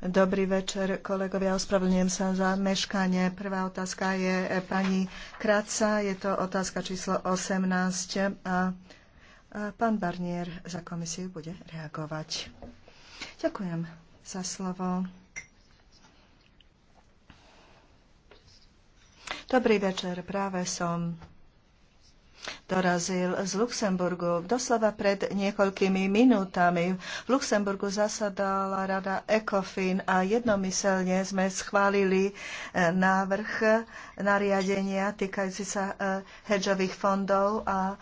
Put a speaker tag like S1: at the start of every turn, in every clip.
S1: Dobrý večer, kolegovia. Ospravedlňujem sa za meškanie. Prvá otázka je e, pani Kráca. Je to otázka číslo 18. A pán Barnier za komisiu bude reagovať. Ďakujem za slovo. Dobrý večer. Práve som dorazil z Luxemburgu. Doslova pred niekoľkými minútami v Luxemburgu zasadala rada ECOFIN a jednomyselne sme schválili e, návrh nariadenia týkajúci sa e, hedžových fondov a e,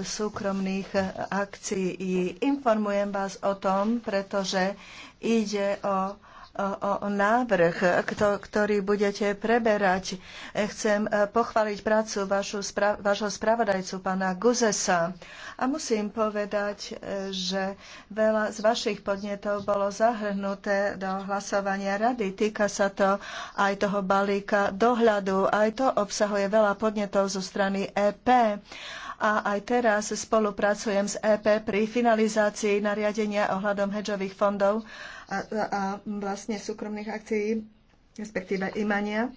S1: súkromných akcií. Informujem vás o tom, pretože ide o o, o návrh, ktorý budete preberať. Chcem e, pochváliť prácu vašu, spra, vášho spravodajcu, pána Guzesa. A musím povedať, e, že veľa z vašich podnetov bolo zahrnuté do hlasovania rady. Týka sa to aj toho balíka dohľadu. Aj to obsahuje veľa podnetov zo strany EP a aj teraz spolupracujem s EP pri finalizácii nariadenia ohľadom hedžových fondov a, a vlastne súkromných akcií, respektíve imania.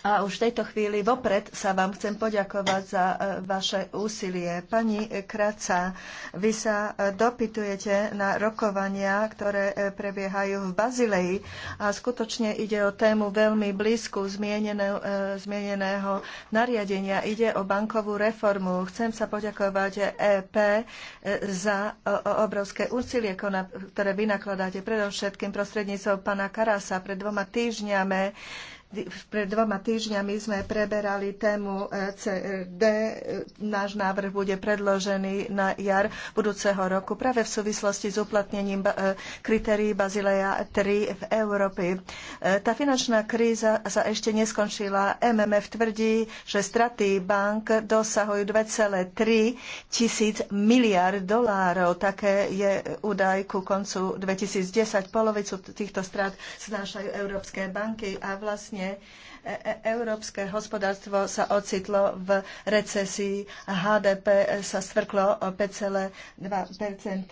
S1: A už v tejto chvíli vopred sa vám chcem poďakovať za e, vaše úsilie. Pani Kraca, vy sa e, dopytujete na rokovania, ktoré e, prebiehajú v Bazileji a skutočne ide o tému veľmi blízku zmieneného, zmieneného nariadenia. Ide o bankovú reformu. Chcem sa poďakovať EP za obrovské úsilie, ktoré vynakladáte predovšetkým prostredníctvom pána Karasa pred dvoma týždňami pred dvoma týždňami sme preberali tému eh, CD. Náš návrh bude predložený na jar budúceho roku práve v súvislosti s uplatnením eh, kritérií Bazileja 3 v Európe. Eh, tá finančná kríza sa ešte neskončila. MMF tvrdí, že straty bank dosahujú 2,3 tisíc miliard dolárov. Také je údaj ku koncu 2010. Polovicu týchto strat znášajú európske banky a vlastne krajine e, e, európske hospodárstvo sa ocitlo v recesii, HDP sa stvrklo o 5,2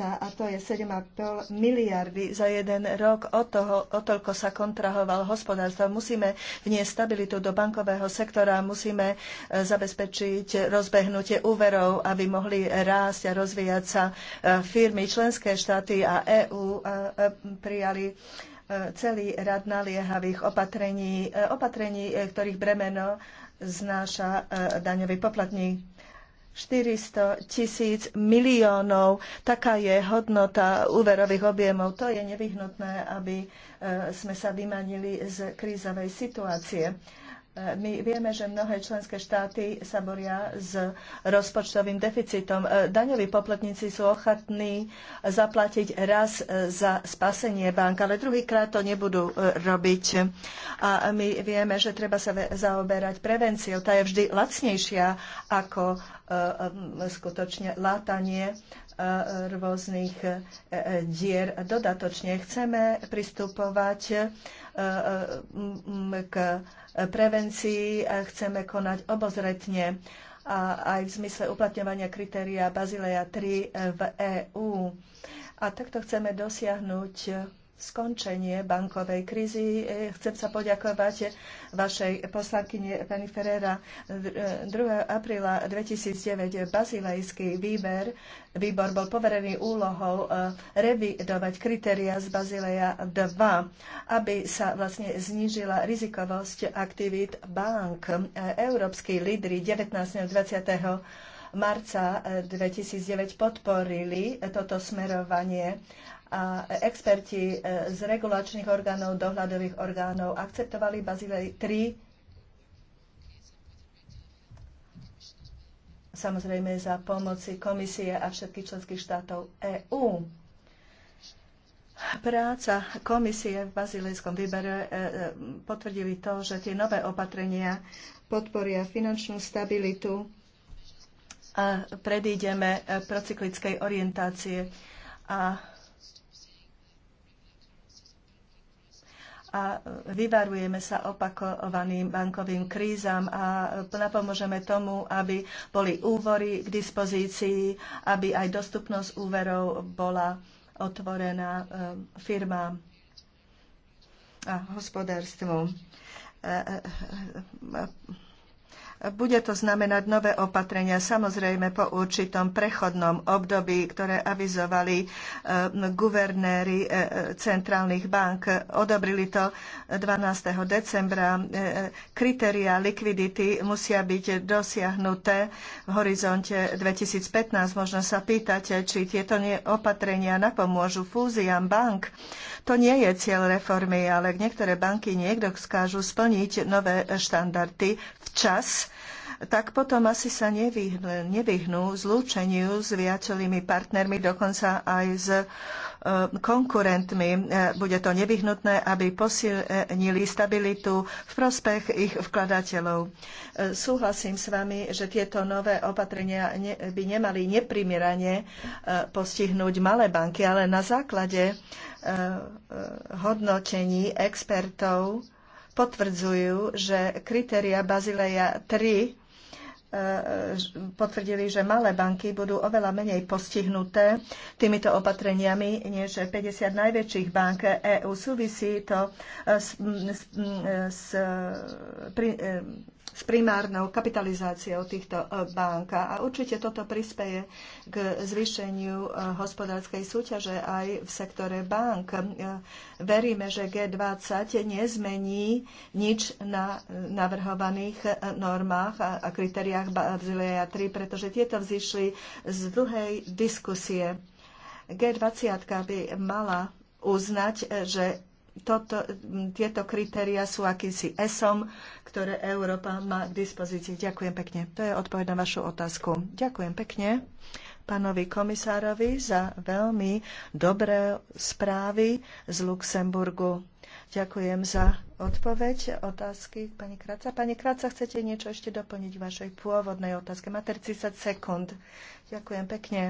S1: a to je 7,5 miliardy za jeden rok. O, toho, o toľko sa kontrahovalo hospodárstvo. Musíme vniesť stabilitu do bankového sektora, musíme e, zabezpečiť rozbehnutie úverov, aby mohli rásť a rozvíjať sa firmy. Členské štáty a EÚ prijali celý rad naliehavých opatrení, e, opatrení, e, ktorých bremeno znáša e, daňový poplatník. 400 tisíc miliónov. Taká je hodnota úverových objemov. To je nevyhnutné, aby sme sa vymanili z krízovej situácie. My vieme, že mnohé členské štáty sa boria s rozpočtovým deficitom. E, Daňoví poplatníci sú ochotní zaplatiť raz e, za spasenie bank, ale druhýkrát to nebudú e, robiť. A my vieme, že treba sa zaoberať prevenciou. Tá je vždy lacnejšia ako skutočne látanie rôznych dier. Dodatočne chceme pristupovať k prevencii a chceme konať obozretne aj v zmysle uplatňovania kritéria Bazileja 3 v EÚ. A takto chceme dosiahnuť skončenie bankovej krízy. E, chcem sa poďakovať vašej poslankyne pani Ferreira. 2. E, apríla 2009 bazilejský výber, výbor bol poverený úlohou e, revidovať kritéria z Bazileja 2, aby sa vlastne znížila rizikovosť aktivít bank. Európsky lídry 19. 20 marca 2009 podporili toto smerovanie a experti e, z regulačných orgánov, dohľadových orgánov akceptovali Bazilej 3 samozrejme za pomoci komisie a všetkých členských štátov EÚ. Práca komisie v Bazilejskom výbere e, e, potvrdili to, že tie nové opatrenia podporia finančnú stabilitu a predídeme procyklickej orientácie a a vyvarujeme sa opakovaným bankovým krízam a napomôžeme tomu, aby boli úvory k dispozícii, aby aj dostupnosť úverov bola otvorená e, firmám a hospodárstvom. E, e, bude to znamenať nové opatrenia, samozrejme po určitom prechodnom období, ktoré avizovali e, guvernéri e, e, centrálnych bank. Odobrili to 12. decembra. Kritéria likvidity musia byť dosiahnuté v horizonte 2015. Možno sa pýtať, či tieto opatrenia napomôžu fúziám bank. To nie je cieľ reformy, ale niektoré banky niekto skážu splniť nové štandardy včas tak potom asi sa nevyhnú, nevyhnú zlúčeniu s viacerými partnermi, dokonca aj s e, konkurentmi. E, bude to nevyhnutné, aby posilnili stabilitu v prospech ich vkladateľov. E, súhlasím s vami, že tieto nové opatrenia by nemali neprimerane postihnúť malé banky, ale na základe hodnotení expertov potvrdzujú, že kritéria Bazileja 3 E, e, potvrdili, že malé banky budú oveľa menej postihnuté týmito opatreniami než 50 najväčších bank EÚ. Súvisí to e, s, s, s, pri, s primárnou kapitalizáciou týchto e, bank. A určite toto prispeje k zvýšeniu e, hospodárskej súťaže aj v sektore bank. E, veríme, že G20 nezmení nič na navrhovaných normách a kritériách Bazileia 3, pretože tieto vzýšli z dlhej diskusie. G20 by mala uznať, že toto, tieto kritéria sú akýsi ESOM, ktoré Európa má k dispozícii. Ďakujem pekne. To je odpoveď na vašu otázku. Ďakujem pekne pánovi komisárovi za veľmi dobré správy z Luxemburgu. Ďakujem za odpoveď. Otázky pani Kráca. Pani Kráca, chcete niečo ešte doplniť v vašej pôvodnej otázke? Máte 30 sekúnd. Ďakujem pekne.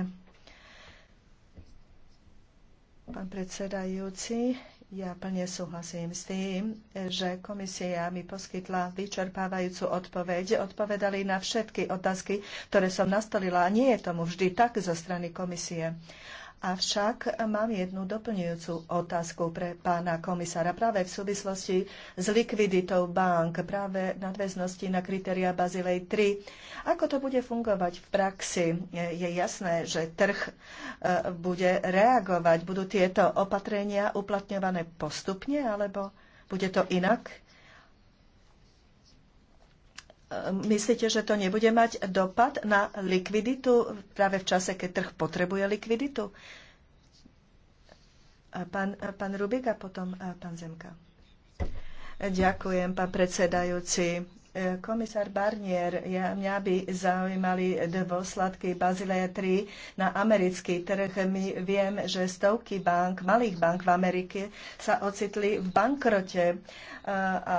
S1: Pán predsedajúci, ja plne súhlasím s tým, že komisia mi poskytla vyčerpávajúcu odpoveď. Odpovedali na všetky otázky, ktoré som nastolila. Nie je tomu vždy tak zo strany komisie. Avšak mám jednu doplňujúcu otázku pre pána komisára práve v súvislosti s likviditou bank, práve nadväznosti na kritéria Bazilej 3. Ako to bude fungovať v praxi? Je jasné, že trh e, bude reagovať. Budú tieto opatrenia uplatňované postupne, alebo bude to inak? Myslíte, že to nebude mať dopad na likviditu práve v čase, keď trh potrebuje likviditu? Pán, pán Rubik a potom pán Zemka. Ďakujem, pán predsedajúci. Komisár Barnier, ja, mňa by zaujímali dôsledky Bazileja 3 na americký trh. My viem, že stovky bank, malých bank v Amerike sa ocitli v bankrote. A, a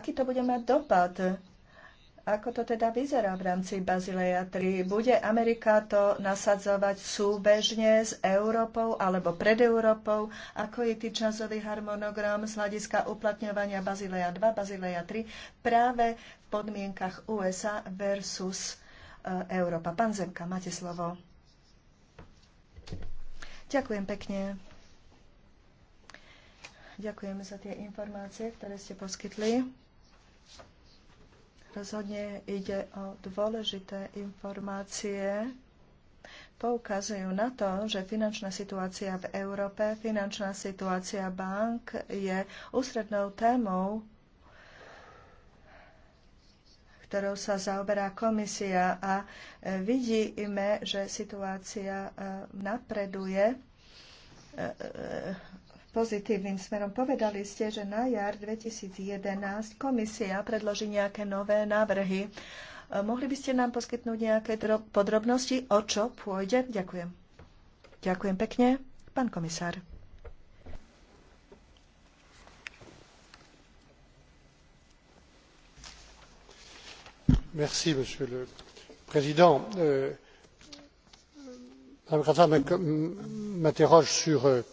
S1: aký to bude mať dopad? Ako to teda vyzerá v rámci Bazileja 3? Bude Amerika to nasadzovať súbežne s Európou alebo pred Európou? Ako je tý časový harmonogram z hľadiska uplatňovania Bazileja 2, Bazileja 3 práve v podmienkach USA versus eh, Európa? Pán Zemka, máte slovo. Ďakujem pekne. Ďakujem za tie informácie, ktoré ste poskytli. Rozhodne ide o dôležité informácie. Poukazujú na to, že finančná situácia v Európe, finančná situácia bank je ústrednou témou ktorou sa zaoberá komisia a e, vidíme, že situácia e, napreduje e, pozitívnym smerom. Povedali ste, že na jar 2011 komisia predloží nejaké nové návrhy. E, mohli by ste nám poskytnúť nejaké podrobnosti, o čo pôjde? Ďakujem. Ďakujem pekne. Pán komisár.
S2: Merci, monsieur le président. Euh, Madame Graza m'interroge sur euh,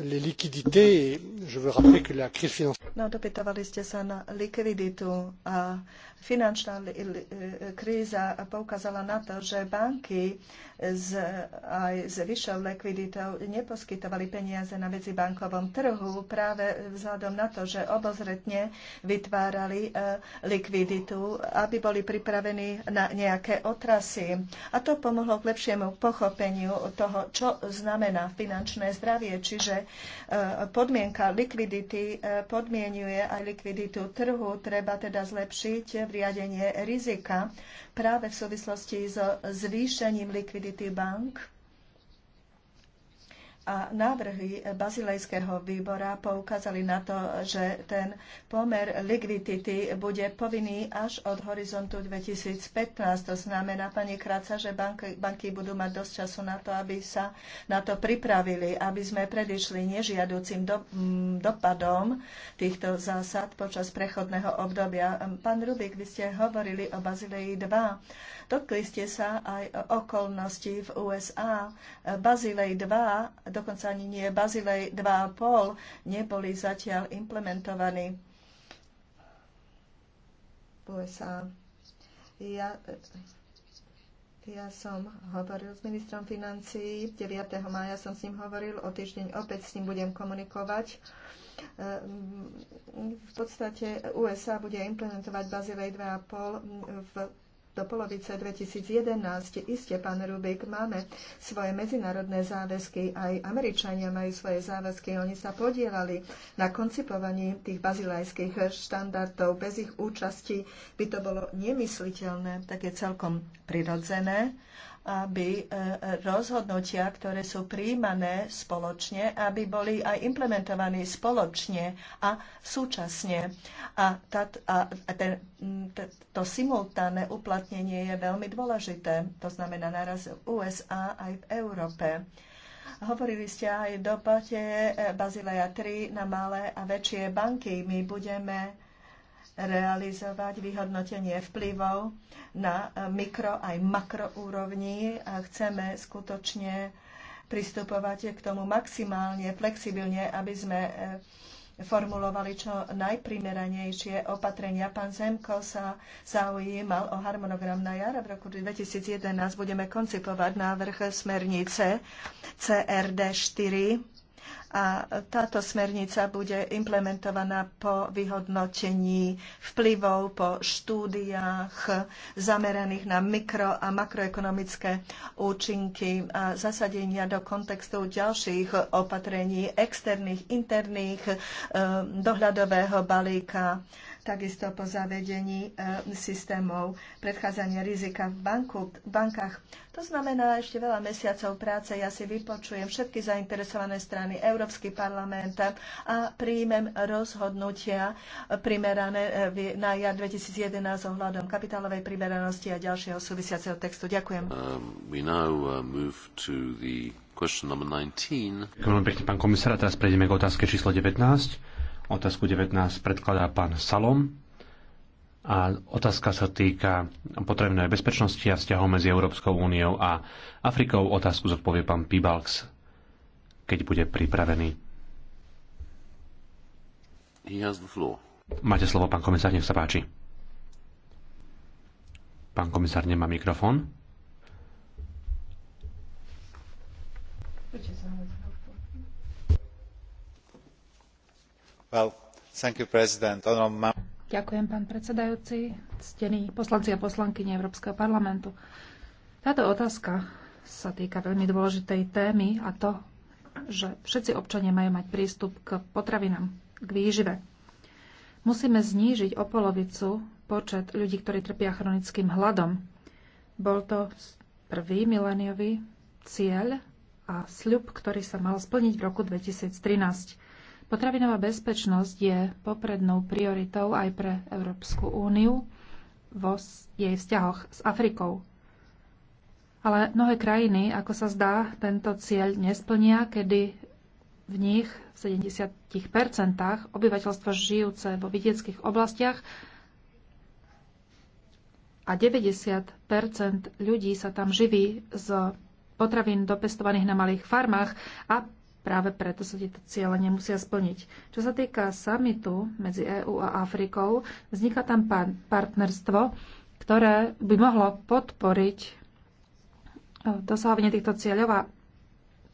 S2: les liquidités et je veux rappeler que la crise financière
S1: no, ste sa na likviditu a finančná e, e, kríza poukázala na to, že banky aj s vyššou likviditou neposkytovali peniaze na medzibankovom trhu práve vzhľadom na to, že obozretne vytvárali e, likviditu, aby boli pripravení na nejaké otrasy. A to pomohlo k lepšiemu pochopeniu toho, čo znamená finančné zdravie, čiže Eh, podmienka likvidity eh, podmienuje aj likviditu trhu. Treba teda zlepšiť riadenie rizika práve v súvislosti so zvýšením likvidity bank a návrhy Bazilejského výbora poukázali na to, že ten pomer likvidity bude povinný až od horizontu 2015. To znamená, pani Kráca, že banky, banky budú mať dosť času na to, aby sa na to pripravili, aby sme predišli nežiaducim do, mm, dopadom týchto zásad počas prechodného obdobia. Pán Rubik, vy ste hovorili o Bazileji 2. Dotkli ste sa aj okolnosti v USA. Bazilej 2 dokonca ani nie Bazilej 2,5 neboli zatiaľ implementovaní v USA. Ja, ja som hovoril s ministrom financií, 9. maja som s ním hovoril, o týždeň opäť s ním budem komunikovať. Ehm, v podstate USA bude implementovať Bazilej 2,5 v do polovice 2011. Iste, pán Rubik, máme svoje medzinárodné záväzky, aj Američania majú svoje záväzky, oni sa podielali na koncipovaní tých bazilajských štandardov. Bez ich účasti by to bolo nemysliteľné, tak je celkom prirodzené, aby e, rozhodnutia, ktoré sú príjmané spoločne, aby boli aj implementované spoločne a súčasne. A, a ten, to simultánne uplatnenie je veľmi dôležité. To znamená naraz v USA aj v Európe. Hovorili ste aj v dopate e, Bazileja 3 na malé a väčšie banky. My budeme realizovať vyhodnotenie vplyvov na e, mikro aj makroúrovni a chceme skutočne pristupovať k tomu maximálne flexibilne, aby sme e, formulovali čo najprimeranejšie opatrenia. Pán Zemko sa zaujímal o harmonogram na jar. V roku 2011 budeme koncipovať návrh smernice CRD 4 a táto smernica bude implementovaná po vyhodnotení vplyvov, po štúdiách zameraných na mikro a makroekonomické účinky a zasadenia do kontextu ďalších opatrení externých, interných, eh, dohľadového balíka takisto po zavedení e, systémov predchádzania rizika v banku, bankách. To znamená ešte veľa mesiacov práce. Ja si vypočujem všetky zainteresované strany, Európsky parlament a príjmem rozhodnutia primerané e, na jar 2011 ohľadom kapitálovej primeranosti a ďalšieho súvisiaceho textu. Ďakujem.
S2: Um, we now, uh, move to the question number 19. Ďakujem pekne, pán komisár. teraz prejdeme k otázke číslo 19 Otázku 19 predkladá pán Salom. A otázka sa týka potrebnej bezpečnosti a vzťahov medzi Európskou úniou a Afrikou. Otázku zodpovie pán Pibalks, keď bude pripravený. Máte slovo, pán komisár, nech sa páči. Pán komisár nemá mikrofón.
S1: Prečo sa
S3: Ďakujem, pán predsedajúci, ctení poslanci a poslankyne Európskeho parlamentu. Táto otázka sa týka veľmi dôležitej témy a to, že všetci občania majú mať prístup k potravinám, k výžive. Musíme znížiť o polovicu počet ľudí, ktorí trpia chronickým hladom. Bol to prvý mileniový cieľ a sľub, ktorý sa mal splniť v roku 2013. Potravinová bezpečnosť je poprednou prioritou aj pre Európsku úniu vo jej vzťahoch s Afrikou. Ale mnohé krajiny, ako sa zdá, tento cieľ nesplnia, kedy v nich v 70 obyvateľstvo žijúce vo vidieckých oblastiach a 90 ľudí sa tam živí z potravín dopestovaných na malých farmách a Práve preto sa tieto ciele nemusia splniť. Čo sa týka samitu medzi EÚ a Afrikou, vzniká tam partnerstvo, ktoré by mohlo podporiť eh, dosahovanie týchto cieľov a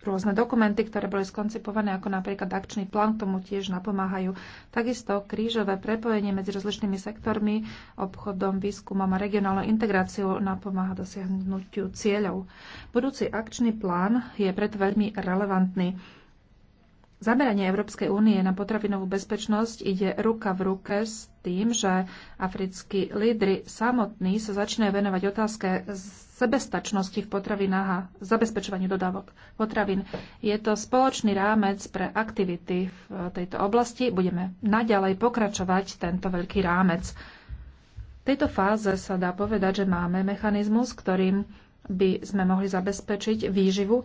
S3: rôzne dokumenty, ktoré boli skoncipované, ako napríklad akčný plán, k tomu tiež napomáhajú. Takisto krížové prepojenie medzi rozličnými sektormi, obchodom, výskumom a regionálnou integráciou napomáha dosiahnutiu cieľov. Budúci akčný plán je preto veľmi relevantný. Zameranie Európskej únie na potravinovú bezpečnosť ide ruka v ruke s tým, že africkí lídry samotní sa začínajú venovať otázke sebestačnosti v potravinách a zabezpečovaniu dodávok potravín. Je to spoločný rámec pre aktivity v tejto oblasti. Budeme naďalej pokračovať tento veľký rámec. V tejto fáze sa dá povedať, že máme mechanizmus, ktorým by sme mohli zabezpečiť výživu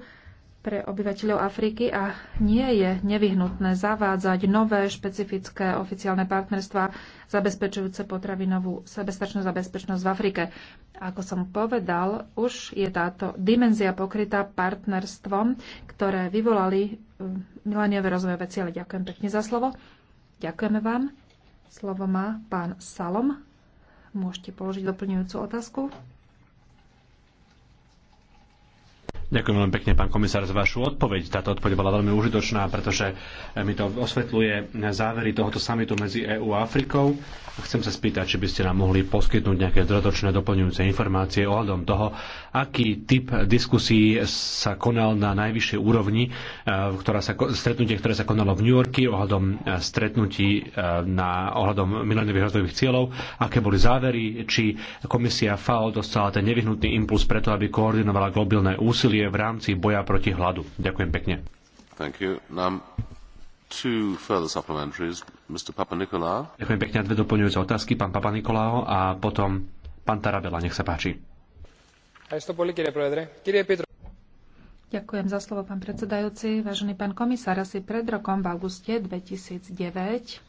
S3: pre obyvateľov Afriky a nie je nevyhnutné zavádzať nové špecifické oficiálne partnerstva zabezpečujúce potravinovú sebestačnosť a bezpečnosť v Afrike. Ako som povedal, už je táto dimenzia pokrytá partnerstvom, ktoré vyvolali hm, mileniové rozvojové ciele. Ďakujem pekne za slovo. Ďakujeme vám. Slovo má pán Salom. Môžete položiť doplňujúcu otázku.
S2: Ďakujem veľmi pekne, pán komisár, za vašu odpoveď. Táto odpoveď bola veľmi užitočná, pretože mi to osvetľuje závery tohoto samitu medzi EÚ a Afrikou. Chcem sa spýtať, či by ste nám mohli poskytnúť nejaké dodatočné doplňujúce informácie ohľadom toho, aký typ diskusí sa konal na najvyššej úrovni, e, ktorá sa, stretnutie, ktoré sa konalo v New Yorku ohľadom e, stretnutí e, na ohľadom mileniových rozvojových cieľov, aké boli závery, či komisia FAO dostala ten nevyhnutný impuls preto, aby koordinovala globálne úsilie úsilie v rámci boja proti hladu. Ďakujem pekne. Thank you. Now, two further supplementaries. Mr. Papa Nicolau. Ďakujem pekne. Dve doplňujúce otázky, pán Papa Nikolao a potom pán Tarabela. Nech sa páči.
S3: Ďakujem za slovo, pán predsedajúci. Vážený pán komisár, asi pred rokom v auguste 2009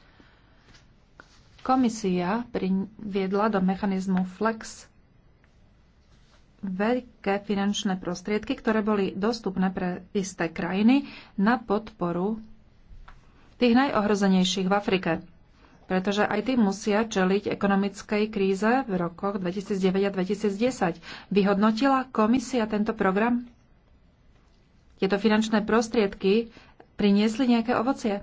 S3: komisia priviedla do mechanizmu FLEX veľké finančné prostriedky, ktoré boli dostupné pre isté krajiny na podporu tých najohrozenejších v Afrike. Pretože aj tí musia čeliť ekonomickej kríze v rokoch 2009 a 2010. Vyhodnotila komisia tento program? Tieto finančné prostriedky priniesli nejaké ovocie?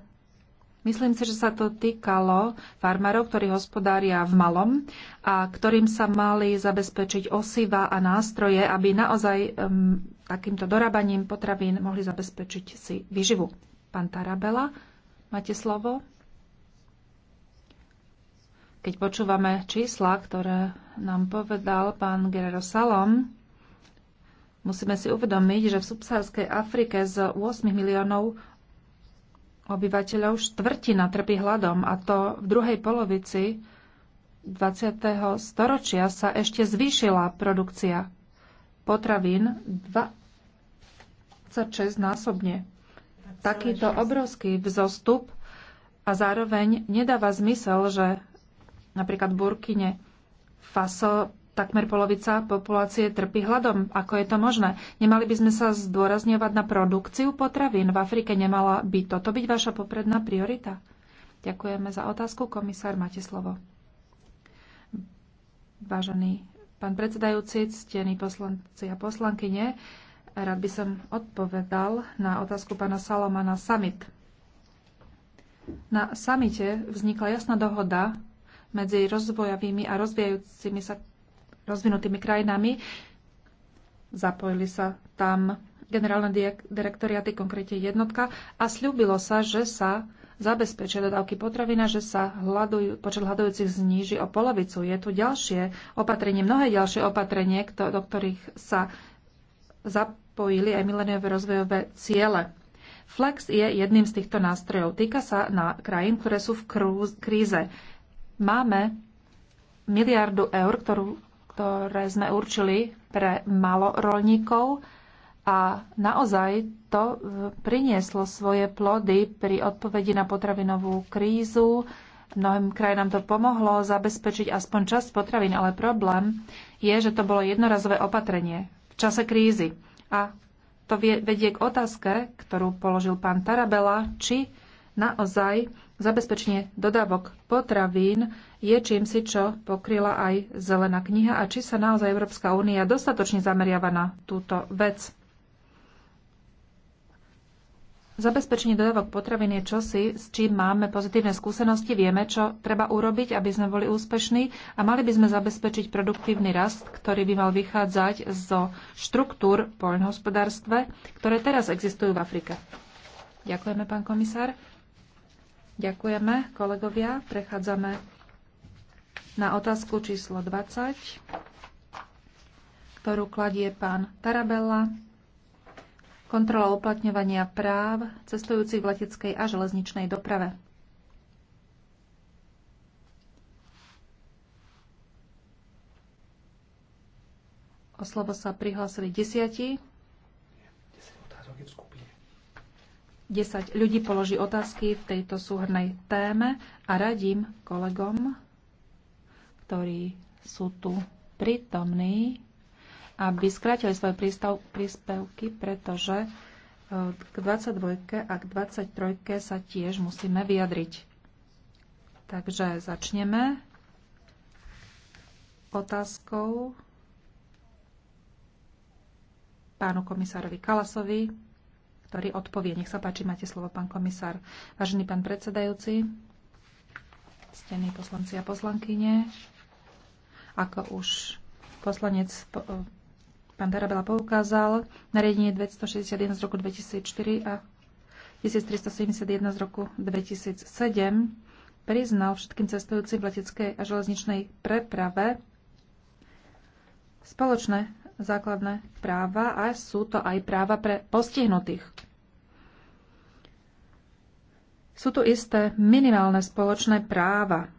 S3: Myslím si, že sa to týkalo farmárov, ktorí hospodária v malom a ktorým sa mali zabezpečiť osiva a nástroje, aby naozaj um, takýmto dorábaním potravín mohli zabezpečiť si výživu. Pán Tarabela, máte slovo? Keď počúvame čísla, ktoré nám povedal pán Guerrero Salom, musíme si uvedomiť, že v subsárskej Afrike z 8 miliónov obyvateľov štvrtina trpí hladom a to v druhej polovici 20. storočia sa ešte zvýšila produkcia potravín 26 násobne. Takýto obrovský vzostup a zároveň nedáva zmysel, že napríklad Burkine Faso Takmer polovica populácie trpí hladom. Ako je to možné? Nemali by sme sa zdôrazňovať na produkciu potravín. V Afrike nemala by toto byť vaša popredná priorita? Ďakujeme za otázku. Komisár, máte slovo. Vážený pán predsedajúci, ctení poslanci a poslankyne, rád by som odpovedal na otázku pána Saloma na summit. Na samite vznikla jasná dohoda medzi rozvojavými a rozvíjajúcimi sa rozvinutými krajinami. Zapojili sa tam generálne direktoriaty, konkrétne jednotka, a slúbilo sa, že sa zabezpečia dodávky potravina, že sa hľadujú, počet hľadujúcich zníži o polovicu. Je tu ďalšie opatrenie, mnohé ďalšie opatrenie, kto, do ktorých sa zapojili aj mileniové rozvojové ciele. Flex je jedným z týchto nástrojov. Týka sa na krajín, ktoré sú v krúz, kríze. Máme miliardu eur, ktorú ktoré sme určili pre malorolníkov a naozaj to e, prinieslo svoje plody pri odpovedi na potravinovú krízu. Mnohým krajinám to pomohlo zabezpečiť aspoň časť potravín, ale problém je, že to bolo jednorazové opatrenie v čase krízy. A to vedie k otázke, ktorú položil pán Tarabela, či naozaj zabezpečenie dodávok potravín je čímsi, čo pokryla aj zelená kniha a či sa naozaj Európska únia dostatočne zameriava na túto vec. Zabezpečenie dodávok potravín je čosi, s čím máme pozitívne skúsenosti, vieme, čo treba urobiť, aby sme boli úspešní a mali by sme zabezpečiť produktívny rast, ktorý by mal vychádzať zo štruktúr poľnohospodárstve, ktoré teraz existujú v Afrike. Ďakujeme, pán komisár. Ďakujeme, kolegovia. Prechádzame na otázku číslo 20, ktorú kladie pán Tarabella. Kontrola uplatňovania práv cestujúcich v leteckej a železničnej doprave. O slovo sa prihlásili desiatí 10 ľudí položí otázky v tejto súhrnej téme a radím kolegom, ktorí sú tu prítomní, aby skrátili svoje prístav, príspevky, pretože e, k 22 a k 23 sa tiež musíme vyjadriť. Takže začneme otázkou pánu komisárovi Kalasovi ktorý odpovie. Nech sa páči, máte slovo, pán komisár. Vážený pán predsedajúci, stení poslanci a poslankyne, ako už poslanec pán Darabela poukázal, nariadenie 261 z roku 2004 a 1371 z roku 2007 priznal všetkým cestujúcim v leteckej a železničnej preprave spoločné základné práva a sú to aj práva pre postihnutých. Sú tu isté minimálne spoločné práva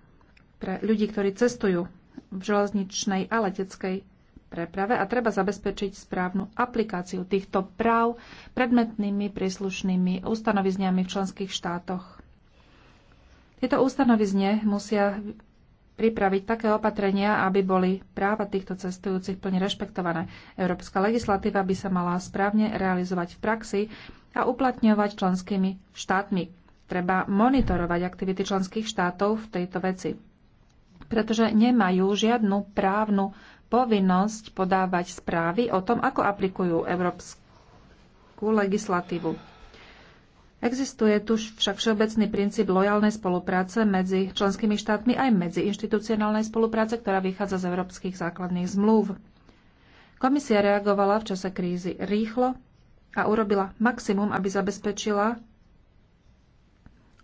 S3: pre ľudí, ktorí cestujú v železničnej a leteckej preprave a treba zabezpečiť správnu aplikáciu týchto práv predmetnými príslušnými ustanovizniami v členských štátoch. Tieto ustanovizne musia pripraviť také opatrenia, aby boli práva týchto cestujúcich plne rešpektované. Európska legislatíva by sa mala správne realizovať v praxi a uplatňovať členskými štátmi. Treba monitorovať aktivity členských štátov v tejto veci, pretože nemajú žiadnu právnu povinnosť podávať správy o tom, ako aplikujú európsku legislatívu. Existuje tu však všeobecný princíp lojálnej spolupráce medzi členskými štátmi aj medzi inštitucionálnej spolupráce, ktorá vychádza z európskych základných zmluv. Komisia reagovala v čase krízy rýchlo a urobila maximum, aby zabezpečila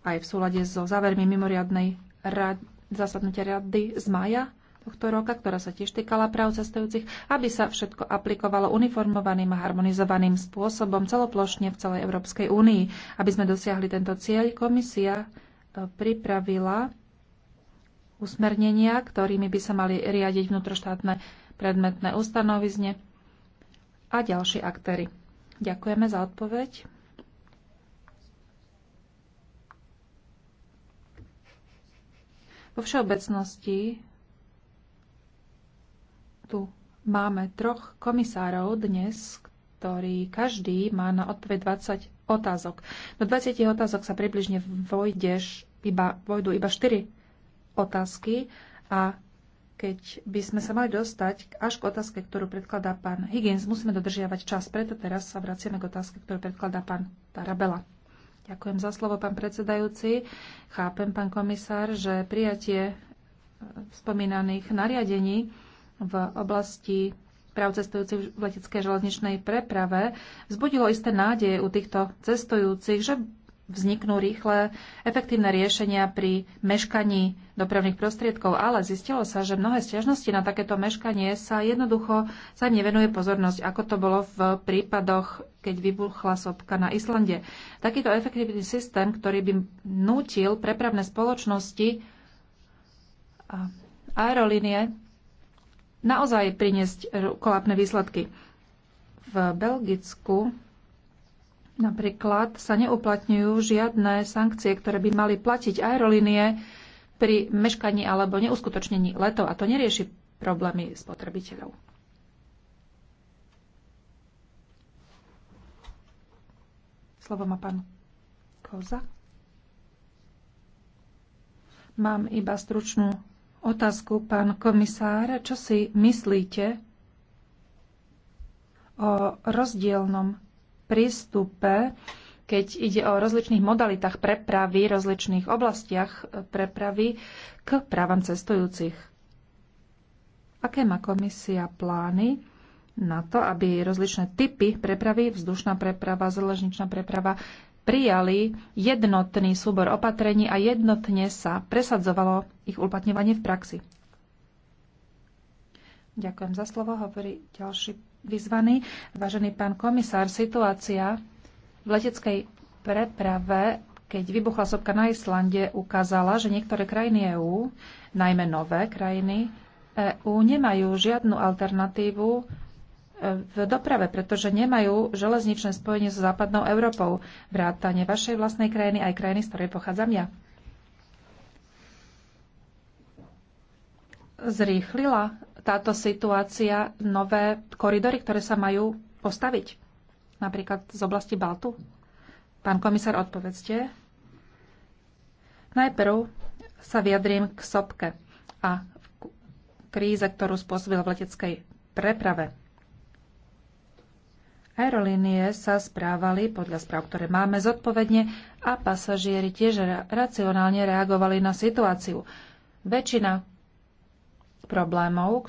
S3: aj v súlade so závermi mimoriadnej rad, zasadnutia rady z maja tohto roka, ktorá sa tiež týkala práv cestujúcich, aby sa všetko aplikovalo uniformovaným a harmonizovaným spôsobom celoplošne v celej Európskej únii. Aby sme dosiahli tento cieľ, komisia e, pripravila usmernenia, ktorými by sa mali riadiť vnútroštátne predmetné ustanovizne a ďalší aktéry. Ďakujeme za odpoveď. Vo všeobecnosti tu máme troch komisárov dnes, ktorý každý má na odpoveď 20 otázok. Do 20 otázok sa približne vojdeš, iba, vojdu iba 4 otázky a keď by sme sa mali dostať až k otázke, ktorú predkladá pán Higgins, musíme dodržiavať čas. Preto teraz sa vraciame k otázke, ktorú predkladá pán Tarabela. Ďakujem za slovo, pán predsedajúci. Chápem, pán komisár, že prijatie eh, spomínaných nariadení v oblasti práv cestujúcich v leteckej železničnej preprave vzbudilo isté nádeje u týchto cestujúcich, že vzniknú rýchle, efektívne riešenia pri meškaní dopravných prostriedkov, ale zistilo sa, že mnohé stiažnosti na takéto meškanie sa jednoducho sa nevenuje pozornosť, ako to bolo v prípadoch, keď vybuchla sopka na Islande. Takýto efektívny systém, ktorý by nútil prepravné spoločnosti a aerolínie naozaj priniesť kolapné výsledky. V Belgicku napríklad sa neuplatňujú žiadne sankcie, ktoré by mali platiť aerolínie pri meškaní alebo neuskutočnení letov a to nerieši problémy spotrebiteľov. Slovo má pán Koza. Mám iba stručnú otázku, pán komisár. Čo si myslíte o rozdielnom prístupe, keď ide o rozličných modalitách prepravy, rozličných oblastiach prepravy k právam cestujúcich? Aké má komisia plány na to, aby rozličné typy prepravy, vzdušná preprava, železničná preprava, prijali jednotný súbor opatrení a jednotne sa presadzovalo ich uplatňovanie v praxi. Ďakujem za slovo, hovorí ďalší vyzvaný. Vážený pán komisár, situácia v leteckej preprave, keď vybuchla sopka na Islande, ukázala, že niektoré krajiny EÚ, najmä nové krajiny EÚ, nemajú žiadnu alternatívu v doprave, pretože nemajú železničné spojenie so západnou Európou, vrátane vašej vlastnej krajiny aj krajiny, z ktorej pochádzam ja. Zrýchlila táto situácia nové koridory, ktoré sa majú postaviť, napríklad z oblasti Baltu? Pán komisár, odpovedzte. Najprv sa vyjadrím k sopke a kríze, ktorú spôsobila v leteckej preprave. Aerolínie sa správali podľa správ, ktoré máme, zodpovedne a pasažieri tiež racionálne reagovali na situáciu. Väčšina problémov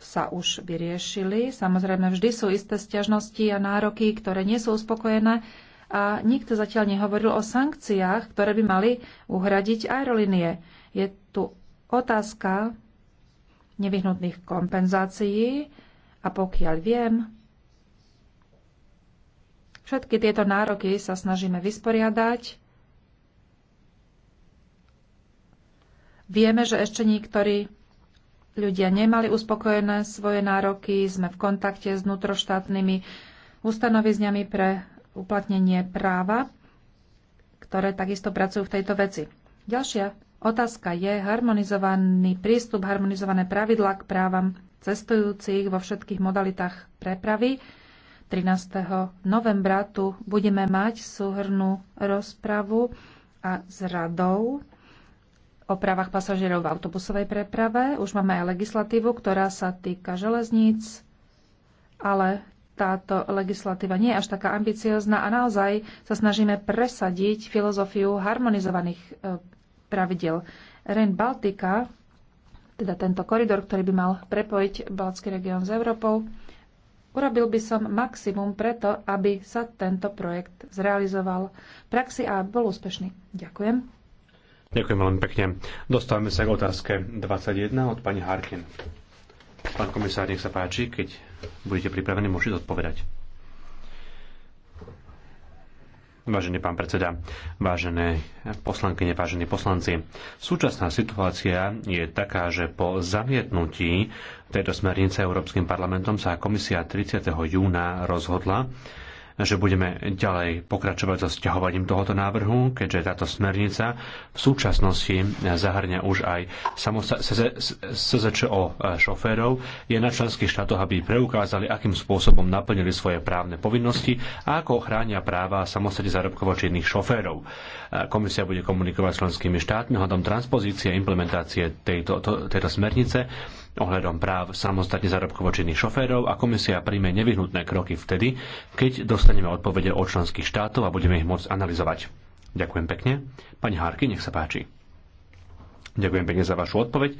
S3: sa už vyriešili. Samozrejme, vždy sú isté stiažnosti a nároky, ktoré nie sú uspokojené a nikto zatiaľ nehovoril o sankciách, ktoré by mali uhradiť aerolínie. Je tu otázka nevyhnutných kompenzácií a pokiaľ viem, Všetky tieto nároky sa snažíme vysporiadať. Vieme, že ešte niektorí ľudia nemali uspokojené svoje nároky. Sme v kontakte s vnútroštátnymi ustanovizňami pre uplatnenie práva, ktoré takisto pracujú v tejto veci. Ďalšia otázka je harmonizovaný prístup, harmonizované pravidlá k právam cestujúcich vo všetkých modalitách prepravy. 13. novembra tu budeme mať súhrnú rozpravu a s radou o právach pasažierov v autobusovej preprave. Už máme aj legislatívu, ktorá sa týka železníc, ale táto legislatíva nie je až taká ambiciozná a naozaj sa snažíme presadiť filozofiu harmonizovaných e, pravidel. Ren Baltika, teda tento koridor, ktorý by mal prepojiť Balcký región s Európou, Urobil by som maximum preto, aby sa tento projekt zrealizoval v praxi a bol úspešný. Ďakujem.
S2: Ďakujem veľmi pekne. Dostávame sa k otázke 21 od pani Harkin. Pán komisár, nech sa páči, keď budete pripravení, môžete odpovedať. Vážený pán predseda, vážené poslankyne, vážení poslanci, súčasná situácia je taká, že po zamietnutí tejto smernice Európskym parlamentom sa komisia 30. júna rozhodla, že budeme ďalej pokračovať so stiahovaním tohoto návrhu, keďže táto smernica v súčasnosti zahrňa už aj SZČO eh, šoférov. Je na členských štátoch, aby preukázali, akým spôsobom naplnili svoje právne povinnosti a ako chránia práva samostatne zárobkovo činných šoférov. Eh, komisia bude komunikovať s členskými štátmi hodom transpozície a implementácie tejto, to, tejto smernice ohľadom práv samostatne zarobkovočinných šoférov a komisia príjme nevyhnutné kroky vtedy, keď dostaneme odpovede od členských štátov a budeme ich môcť analyzovať. Ďakujem pekne. Pani Harky, nech sa páči. Ďakujem pekne za vašu odpoveď.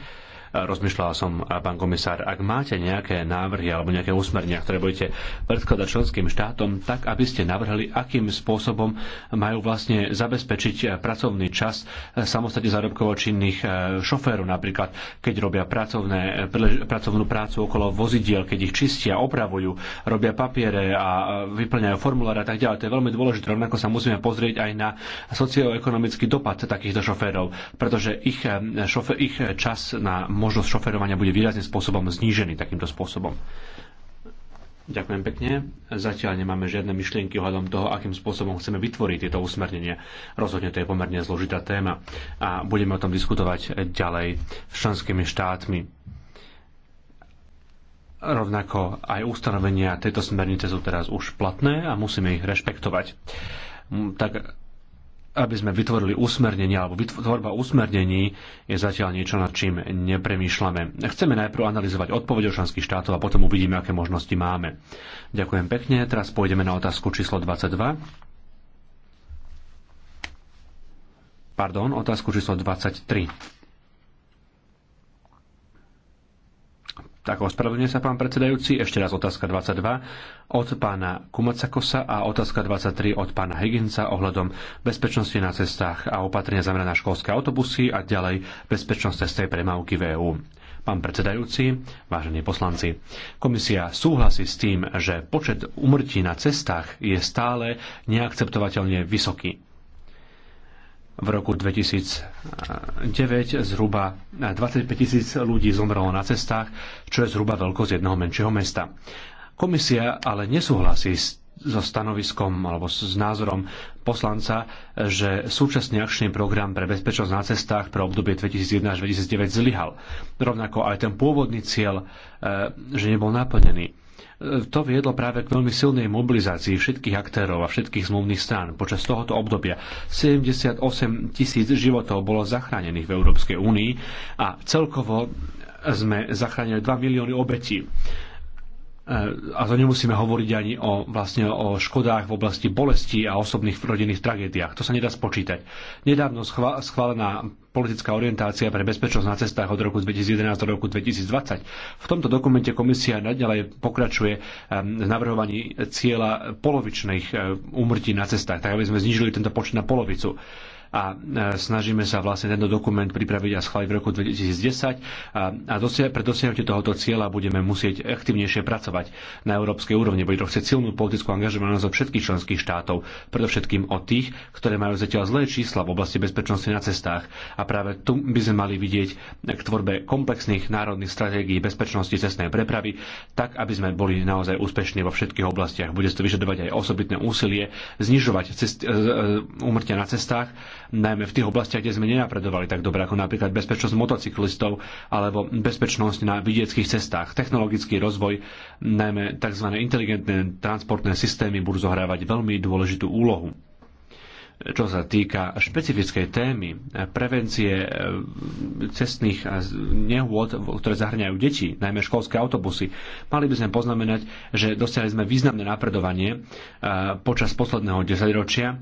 S2: Rozmýšľal som, pán komisár, ak máte nejaké návrhy alebo nejaké úsmernia, ktoré budete predkladať členským štátom, tak aby ste navrhli, akým spôsobom majú vlastne zabezpečiť pracovný čas samostatne zárobkovo činných e, šoférov napríklad, keď robia pracovné, pracovnú prácu okolo vozidiel, keď ich čistia, opravujú, robia papiere a e, vyplňajú formuláre a tak ďalej. To je veľmi dôležité. Rovnako sa musíme pozrieť aj na socioekonomický dopad takýchto šoférov, pretože ich, e, šofér, ich čas na možnosť šoferovania bude výrazným spôsobom znížený takýmto spôsobom. Ďakujem pekne. Zatiaľ nemáme žiadne myšlienky ohľadom toho, akým spôsobom chceme vytvoriť tieto usmernenie. Rozhodne to je pomerne zložitá téma a budeme o tom diskutovať ďalej s členskými štátmi. Rovnako aj ustanovenia tejto smernice sú teraz už platné a musíme ich rešpektovať. Mm, tak aby sme vytvorili usmernenie alebo tvorba usmernení je zatiaľ niečo, nad čím nepremýšľame. Chceme najprv analyzovať odpovede členských štátov a potom uvidíme, aké možnosti máme. Ďakujem pekne. Teraz pôjdeme na otázku číslo 22. Pardon, otázku číslo 23. Tak ospravedlňujem sa pán predsedajúci. Ešte raz otázka 22 od pána Kumacakosa a otázka 23 od pána Higginsa ohľadom bezpečnosti na cestách a opatrenia zamerané na školské autobusy a ďalej bezpečnosť cestej premávky v e Pán predsedajúci, vážení poslanci, komisia súhlasí s tým, že počet umrtí na cestách je stále neakceptovateľne vysoký v roku 2009 zhruba 25 tisíc ľudí zomrelo na cestách, čo je zhruba veľkosť jedného menšieho mesta. Komisia ale nesúhlasí s so stanoviskom alebo s názorom poslanca, že súčasný akčný program pre bezpečnosť na cestách pre obdobie 2001 až 2009 zlyhal. Rovnako aj ten pôvodný cieľ, eh, že nebol naplnený. E, to viedlo práve k veľmi silnej mobilizácii všetkých aktérov a všetkých zmluvných strán. Počas tohoto obdobia 78 tisíc životov bolo zachránených v Európskej únii a celkovo sme zachránili 2 milióny obetí e, a to nemusíme hovoriť ani o, vlastne o škodách v oblasti bolesti a osobných rodinných tragédiách. To sa nedá spočítať. Nedávno schválená politická orientácia pre bezpečnosť na cestách od roku 2011 do roku 2020. V tomto dokumente komisia nadalej pokračuje um, v navrhovaní cieľa polovičných um, úmrtí na cestách, tak aby sme znížili tento počet na polovicu a e, snažíme sa vlastne tento dokument pripraviť a schváliť v roku 2010 a, a dosia- pre dosiahnutie tohoto cieľa budeme musieť aktívnejšie pracovať na európskej úrovni. Bude to chce silnú politickú angažovanosť od všetkých členských štátov, predovšetkým od tých, ktoré majú zatiaľ zlé čísla v oblasti bezpečnosti na cestách. A práve tu by sme mali vidieť k tvorbe komplexných národných stratégií bezpečnosti cestnej prepravy, tak aby sme boli naozaj úspešní vo všetkých oblastiach. Bude to vyžadovať aj osobitné úsilie znižovať cest, e, e, umrtia na cestách najmä v tých oblastiach, kde sme nenapredovali tak dobre, ako napríklad bezpečnosť motocyklistov alebo bezpečnosť na vidieckých cestách. Technologický rozvoj, najmä tzv. inteligentné transportné systémy budú zohrávať veľmi dôležitú úlohu čo sa týka špecifickej témy prevencie e, cestných e, nehôd, ktoré zahrňajú deti, najmä školské autobusy, mali by sme poznamenať, že dosiahli sme významné napredovanie e, počas posledného desaťročia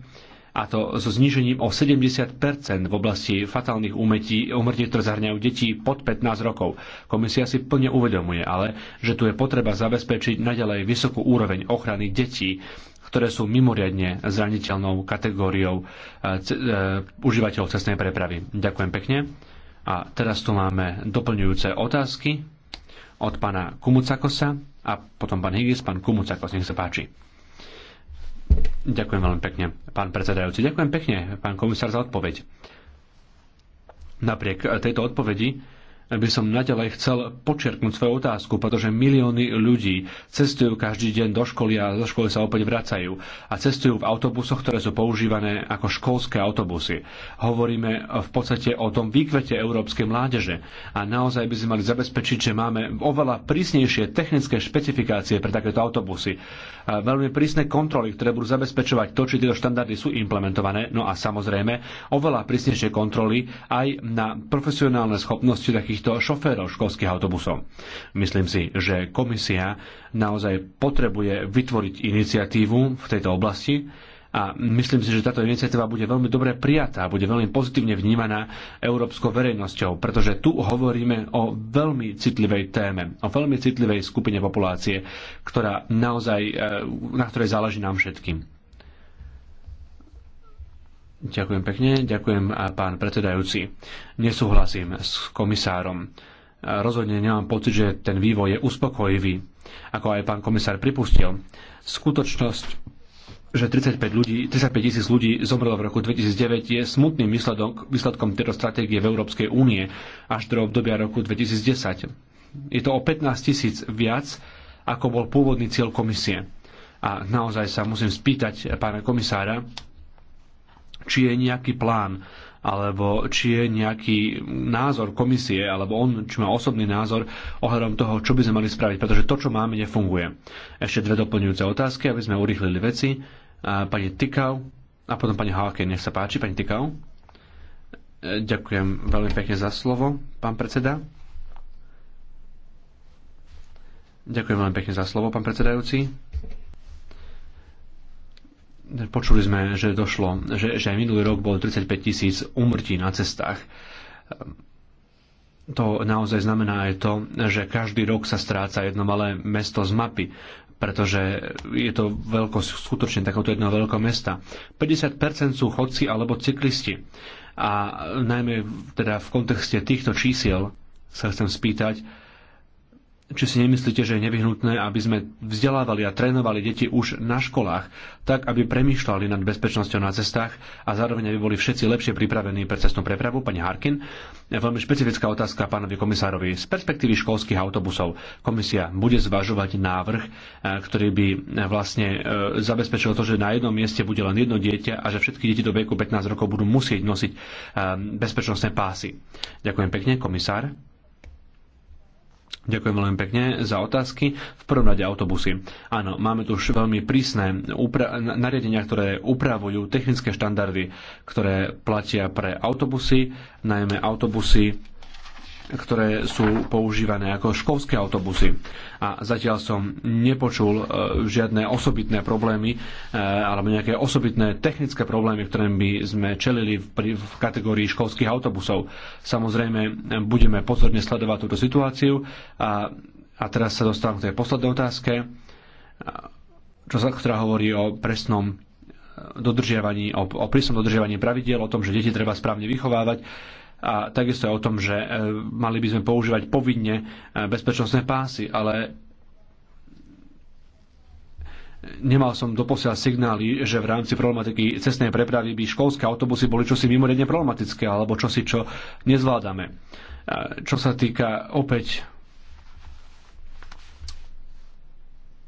S2: a to so znížením o 70 v oblasti fatálnych úmetí, umrtí, ktoré zahrňajú deti pod 15 rokov. Komisia si plne uvedomuje ale, že tu je potreba zabezpečiť naďalej vysokú úroveň ochrany detí, ktoré sú mimoriadne zraniteľnou kategóriou eh, eh, užívateľov cestnej prepravy. Ďakujem pekne. A teraz tu máme doplňujúce otázky od pána Kumucakosa a potom pán Higgins, pán Kumucakos, nech sa páči. Ďakujem veľmi pekne, pán predsedajúci. Ďakujem pekne, pán komisár, za odpoveď. Napriek tejto odpovedi by som naďalej chcel počerknúť svoju otázku, pretože milióny ľudí cestujú každý deň do školy a zo školy sa opäť vracajú a cestujú v autobusoch, ktoré sú používané ako školské autobusy. Hovoríme v podstate o tom výkvete európskej mládeže a naozaj by sme mali zabezpečiť, že máme oveľa prísnejšie technické špecifikácie pre takéto autobusy veľmi prísne kontroly, ktoré budú zabezpečovať to, či tieto štandardy sú implementované. No a samozrejme oveľa prísnejšie kontroly aj na profesionálne schopnosti takýchto šoférov školských autobusov. Myslím si, že komisia naozaj potrebuje vytvoriť iniciatívu v tejto oblasti a myslím si, že táto iniciatíva bude veľmi dobre prijatá, bude veľmi pozitívne vnímaná európskou verejnosťou, pretože tu hovoríme o veľmi citlivej téme, o veľmi citlivej skupine populácie, ktorá naozaj, e, na ktorej záleží nám všetkým. Ďakujem pekne, ďakujem e, pán predsedajúci. Nesúhlasím s komisárom. E, rozhodne nemám pocit, že ten vývoj je uspokojivý, ako aj pán komisár pripustil. Skutočnosť že 35 ľudí, 35 tisíc ľudí zomrelo v roku 2009 je smutným výsledok, výsledkom tejto stratégie v Európskej únie až do obdobia roku 2010. Je to o 15 tisíc viac, ako bol pôvodný cieľ komisie. A naozaj sa musím spýtať pána komisára, či je nejaký plán, alebo či je nejaký názor komisie, alebo on, či má osobný názor ohľadom toho, čo by sme mali spraviť, pretože to, čo máme, nefunguje. Ešte dve doplňujúce otázky, aby sme urýchlili veci pani Tykau a potom pani Halke. Nech sa páči, pani Tykau. E, ďakujem veľmi pekne za slovo, pán predseda. Ďakujem veľmi pekne za slovo, pán predsedajúci. Počuli sme, že došlo, že, že aj minulý rok bolo 35 tisíc úmrtí na cestách. To naozaj znamená aj to, že každý rok sa stráca jedno malé mesto z mapy pretože je to veľkosť skutočne takéhoto jedného veľkého mesta. 50% sú chodci alebo cyklisti. A najmä teda v kontexte týchto čísiel sa chcem spýtať, či si nemyslíte, že je nevyhnutné, aby sme vzdelávali a trénovali deti už na školách, tak aby premýšľali nad bezpečnosťou na cestách a zároveň aby boli všetci lepšie pripravení pre cestnú prepravu, pani Harkin? Veľmi špecifická otázka pánovi komisárovi. Z perspektívy školských autobusov komisia bude zvažovať návrh, eh, ktorý by eh, vlastne eh, zabezpečil to, že na jednom mieste bude len jedno dieťa a že všetky deti do veku 15 rokov budú musieť nosiť bezpečnostné pásy. Ďakujem pekne, komisár. Ďakujem veľmi pekne za otázky. V prvom rade autobusy. Áno, máme tu už veľmi prísne nariadenia, ktoré upravujú technické štandardy, ktoré platia pre autobusy, najmä autobusy ktoré sú používané ako školské autobusy. A zatiaľ som nepočul e, žiadne osobitné problémy e, alebo nejaké osobitné technické problémy, ktoré by sme čelili v, v kategórii školských autobusov. Samozrejme, budeme pozorne sledovať túto situáciu a, a teraz sa dostávam k tej poslednej otázke, e, čo sa, ktorá hovorí o presnom dodržiavaní, o, o prísnom dodržiavaní pravidiel, o tom, že deti treba správne vychovávať a takisto aj o tom, že e, mali by sme používať povinne e, bezpečnostné pásy, ale Nemal som doposiaľ signály, že v rámci problematiky cestnej prepravy by školské autobusy boli čosi mimoriadne problematické alebo čosi, čo nezvládame. E, čo sa týka opäť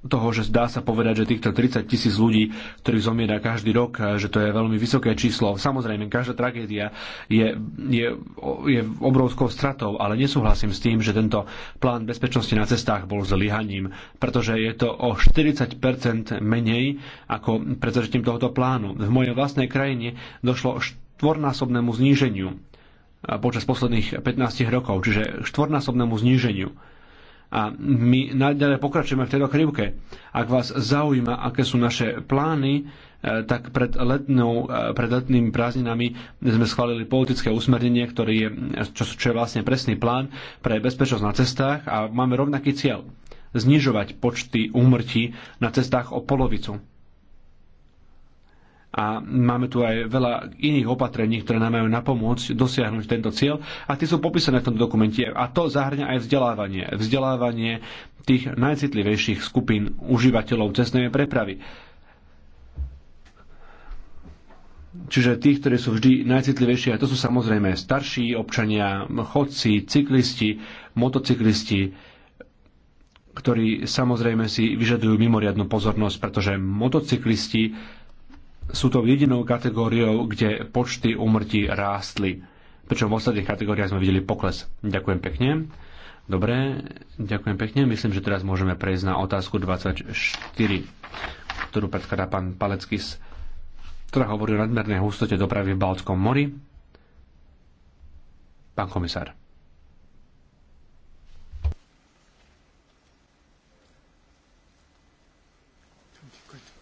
S2: toho, že dá sa povedať, že týchto 30 tisíc ľudí, ktorí zomiera každý rok, že to je veľmi vysoké číslo. Samozrejme, každá tragédia je, je, je obrovskou stratou, ale nesúhlasím s tým, že tento plán bezpečnosti na cestách bol zlyhaním, pretože je to o 40 menej ako predsažitím tohoto plánu. V mojej vlastnej krajine došlo štvornásobnému zníženiu počas posledných 15 rokov, čiže štvornásobnému zníženiu a my naďalej pokračujeme v tejto krivke. Ak vás zaujíma, aké sú naše plány, e, tak pred, letnou, e, pred letnými prázdninami sme schválili politické usmernenie, ktoré je, čo, čo je vlastne presný plán pre bezpečnosť na cestách a máme rovnaký cieľ znižovať počty úmrtí na cestách o polovicu a máme tu aj veľa iných opatrení, ktoré nám majú napomôcť dosiahnuť tento cieľ a tie sú popísané v tomto dokumente a to zahrňa aj vzdelávanie. Vzdelávanie tých najcitlivejších skupín užívateľov cestnej prepravy. Čiže tých, ktorí sú vždy najcitlivejší, a to sú samozrejme starší občania, chodci, cyklisti, motocyklisti, ktorí samozrejme si vyžadujú mimoriadnu pozornosť, pretože motocyklisti sú to jedinou kategóriou, kde počty umrtí rástli. Pričom v ostatných kategóriách sme videli pokles. Ďakujem pekne. Dobre, ďakujem pekne. Myslím, že teraz môžeme prejsť na otázku 24, ktorú predkladá pán Paleckis, ktorá hovorí o nadmernej hustote dopravy v Baltskom mori. Pán komisár.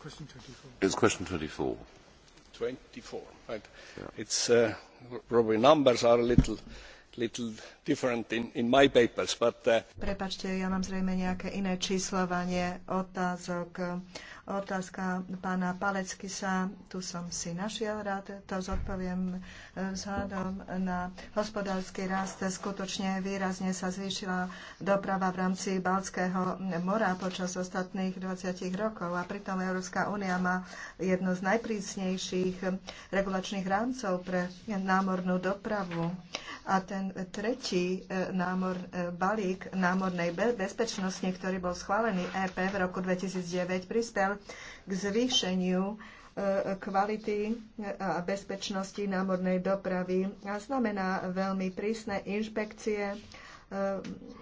S2: Question It's question 24.
S1: 24, right.
S2: Yeah. It's uh, probably numbers are a little little different in, in my papers, but... Uh...
S1: Prepačte, ja mám zrejme nejaké iné číslovanie otázok. Uh, Otázka pána Palecky sa, tu som si našiel rád, to zodpoviem e, vzhľadom na hospodársky rast. Skutočne výrazne sa zvýšila doprava v rámci Balckého mora počas ostatných 20 rokov a pritom Európska únia má jedno z najprísnejších regulačných rámcov pre námornú dopravu. A ten tretí e, námor, e, balík námornej bezpečnosti, ktorý bol schválený EP v roku 2009, prispel k zvýšeniu e, kvality e, a bezpečnosti námornej dopravy a znamená veľmi prísne inšpekcie e,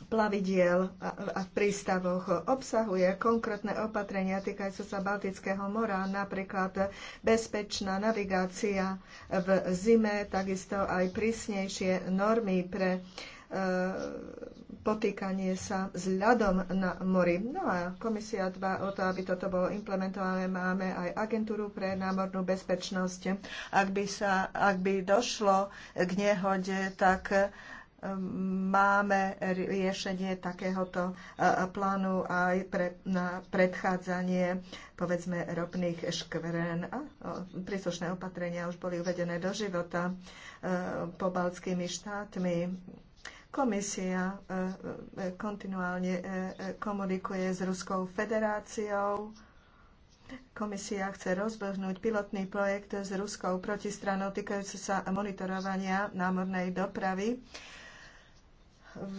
S1: plavidiel a v prístavoch obsahuje konkrétne opatrenia týkajúce sa Baltického mora, napríklad bezpečná navigácia v zime, takisto aj prísnejšie normy pre E, potýkanie sa s ľadom na mori. No a komisia dba o to, aby toto bolo implementované. Máme aj agentúru pre námornú bezpečnosť. Ak by, sa, ak by došlo k nehode, tak e, máme riešenie takéhoto e, plánu aj pre, na predchádzanie povedzme ropných škvrén a príslušné opatrenia už boli uvedené do života pobaltskými štátmi Komisia e, e, kontinuálne e, komunikuje s Ruskou federáciou. Komisia chce rozbehnúť pilotný projekt s Ruskou protistranou týkajúce sa monitorovania námornej dopravy v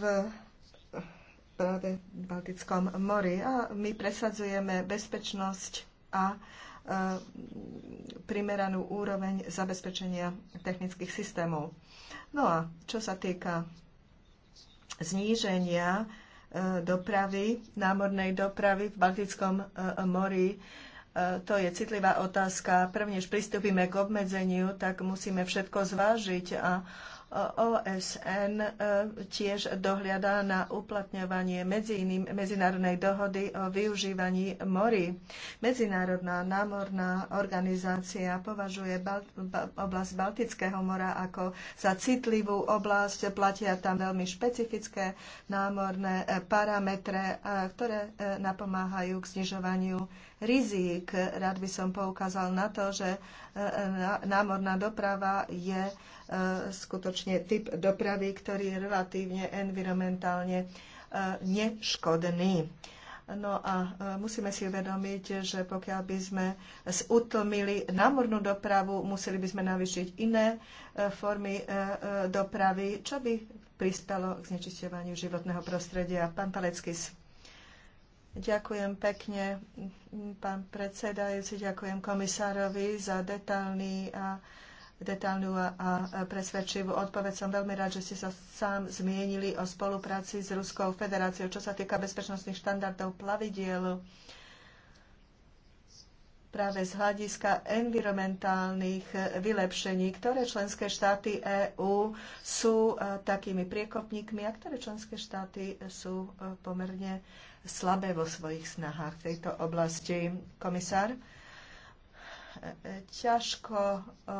S1: práve Baltickom mori. A my presadzujeme bezpečnosť a primeranú úroveň zabezpečenia technických systémov. No a čo sa týka zníženia e, dopravy, námornej dopravy v Baltickom e, mori. E, to je citlivá otázka. Prvne než pristúpime k obmedzeniu, tak musíme všetko zvážiť a OSN e, tiež dohliada na uplatňovanie medzi iným, medzinárodnej dohody o využívaní morí. Medzinárodná námorná organizácia považuje oblasť Baltického mora ako za citlivú oblasť. Platia tam veľmi špecifické námorné e, parametre, e, ktoré napomáhajú k znižovaniu rizík. Rád by som poukázal na to, že E, e, námorná doprava je e, skutočne typ dopravy, ktorý je relatívne environmentálne neškodný. No a musíme si uvedomiť, že pokiaľ by sme zútlmili námornú dopravu, museli by sme navýšiť iné formy dopravy, čo by prispelo k znečisťovaniu životného prostredia. Pán Palecký, Ďakujem pekne, pán predsedajúci, ďakujem komisárovi za detálny a detálnu a presvedčivú odpoveď. Som veľmi rád, že ste sa sám zmienili o spolupráci s Ruskou federáciou, čo sa týka bezpečnostných štandardov plavidiel. Práve z hľadiska environmentálnych vylepšení, ktoré členské štáty EÚ sú e, takými priekopníkmi a ktoré členské štáty sú e, pomerne slabé vo svojich snahách v tejto oblasti. Komisár, e, e, ťažko, e,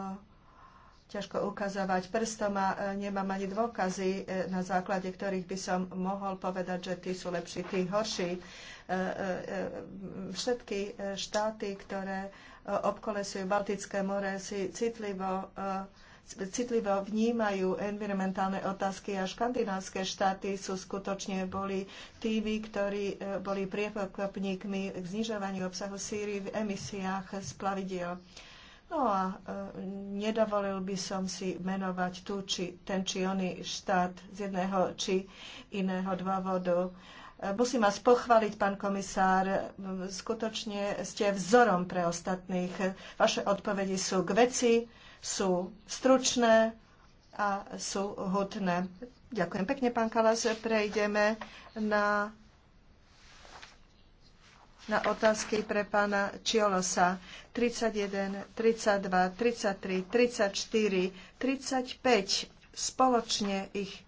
S1: ťažko ukazovať prstom a nemám ani dôkazy, na základe ktorých by som mohol povedať, že tí sú lepší, tí horší. Všetky štáty, ktoré obkolesujú Baltické more, si citlivo citlivo vnímajú environmentálne otázky a škandinávské štáty sú skutočne boli tými, ktorí e, boli priepokopníkmi k znižovaniu obsahu síry v emisiách z plavidiel. No a e, nedovolil by som si menovať tu, či ten či oný štát z jedného či iného dôvodu. E, musím vás pochváliť, pán komisár. Skutočne ste vzorom pre ostatných. Vaše odpovede sú k veci sú stručné a sú hodné. Ďakujem pekne, pán Kalas. Prejdeme na, na otázky pre pána Čiolosa. 31, 32, 33, 34, 35. Spoločne ich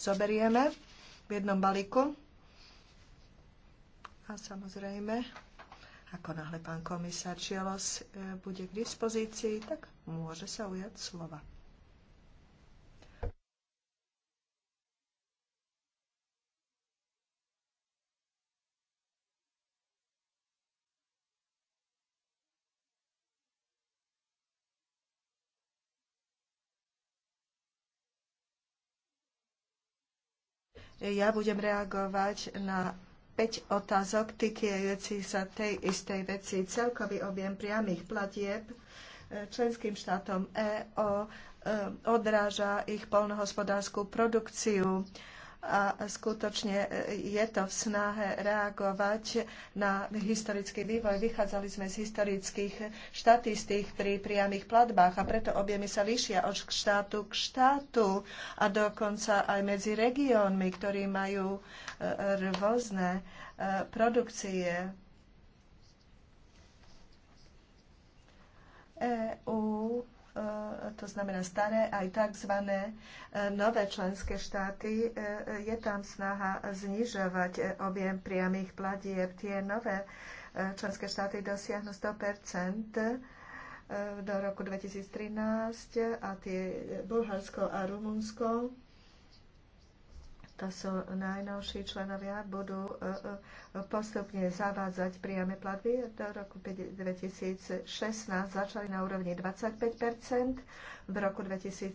S1: zoberieme v jednom balíku. A samozrejme ako náhle pán komisár Čielos e, bude k dispozícii, tak môže sa ujať slova. ja budem reagovať na 5 otázok týkajúcich sa tej istej veci. Celkový objem priamých platieb e, členským štátom EO e, odráža ich polnohospodárskú produkciu a skutočne e, je to v snahe reagovať na historický vývoj. Vychádzali sme z historických štatistík pri priamých platbách a preto objemy sa líšia od štátu k štátu a dokonca aj medzi regiónmi, ktorí majú e, rôzne e, produkcie. EU E, to znamená staré, aj tzv. E, nové členské štáty, e, je tam snaha znižovať objem priamých platieb. Tie nové členské štáty dosiahnu 100 do roku 2013 a tie Bulharsko a Rumunsko to sú najnovší členovia, budú e, e, postupne zavádzať priame platby. Do roku 2016 začali na úrovni 25 v roku 2007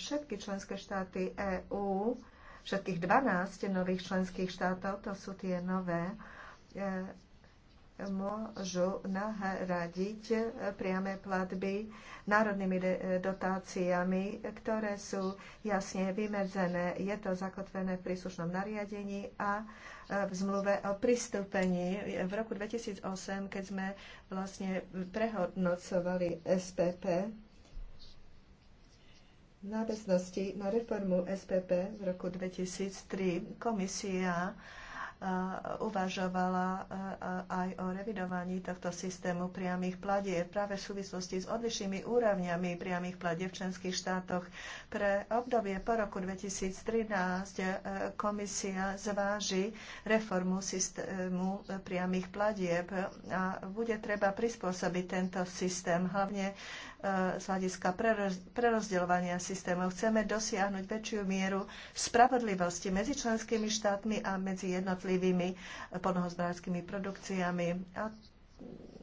S1: všetky členské štáty EÚ, všetkých 12 nových členských štátov, to sú tie nové, e, môžu nahradiť priame platby národnými dotáciami, ktoré sú jasne vymedzené. Je to zakotvené v príslušnom nariadení a e, v zmluve o pristúpení. V roku 2008, keď sme vlastne prehodnocovali SPP, náväznosti na reformu SPP v roku 2003, komisia Eh, uvažovala eh, aj o revidovaní tohto systému priamých platieb práve v súvislosti s odlišnými úrovňami priamých platieb v členských štátoch. Pre obdobie po roku 2013 eh, komisia zváži reformu systému priamých platieb a bude treba prispôsobiť tento systém, hlavne z hľadiska prerozdeľovania systémov. Chceme dosiahnuť väčšiu mieru spravodlivosti medzi členskými štátmi a medzi jednotlivými podnohozbárskými produkciami. A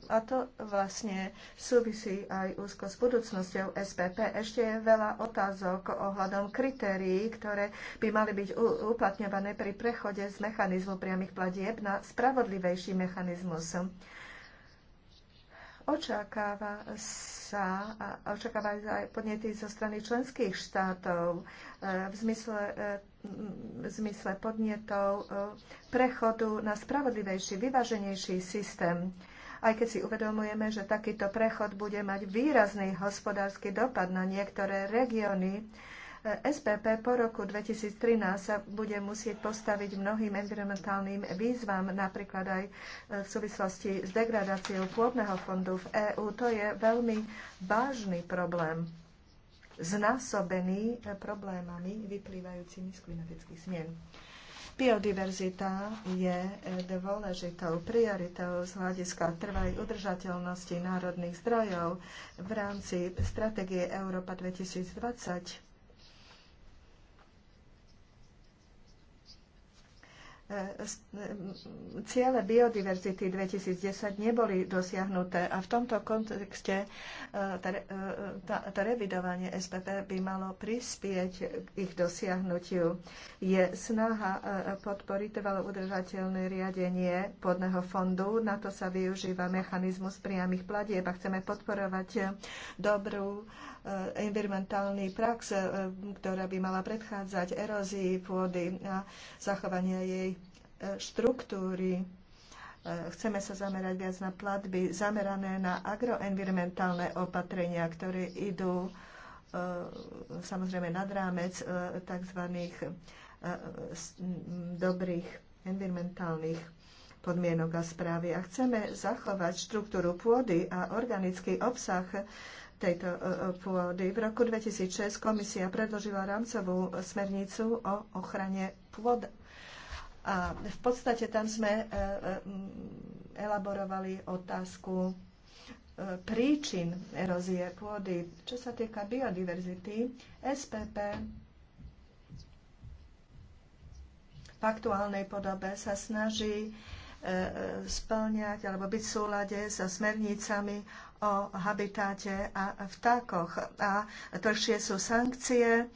S1: a to vlastne súvisí aj úzko s budúcnosťou SPP. Ešte je veľa otázok ohľadom kritérií, ktoré by mali byť uplatňované pri prechode z mechanizmu priamých platieb na spravodlivejší mechanizmus. Očakáva sa, očakávajú aj podnety zo strany členských štátov e, v zmysle, e, v zmysle podnetov e, prechodu na spravodlivejší, vyváženejší systém aj keď si uvedomujeme, že takýto prechod bude mať výrazný hospodársky dopad na niektoré regióny, SPP po roku 2013 sa bude musieť postaviť mnohým environmentálnym výzvam, napríklad aj e, v súvislosti s degradáciou pôdneho fondu v EÚ. To je veľmi vážny problém, znásobený e, problémami vyplývajúcimi z klimatických zmien. Biodiverzita je e, dôležitou prioritou z hľadiska trvaj udržateľnosti národných zdrojov v rámci stratégie Európa 2020 E, e, ciele biodiverzity 2010 neboli dosiahnuté a v tomto kontexte e, to revidovanie SPP by malo prispieť k ich dosiahnutiu. Je snaha podporiť trvalo udržateľné riadenie podného fondu. Na to sa využíva mechanizmus priamých platieb a chceme podporovať dobrú Eh, environmentálny prax, eh, ktorá by mala predchádzať erózii pôdy a zachovania jej eh, štruktúry. Chceme sa zamerať viac na platby zamerané na agroenvironmentálne opatrenia, ktoré idú samozrejme nad rámec tzv. dobrých environmentálnych podmienok a správy. A chceme zachovať štruktúru pôdy a organický obsah tejto e, e, pôdy. V roku 2006 komisia predložila rámcovú smernicu o ochrane pôd. A v podstate tam sme e, elaborovali otázku príčin erózie pôdy. Čo sa týka biodiverzity, SPP v aktuálnej podobe sa snaží splňať alebo byť v súlade so smernicami o habitáte a vtákoch a tršie sú sankcie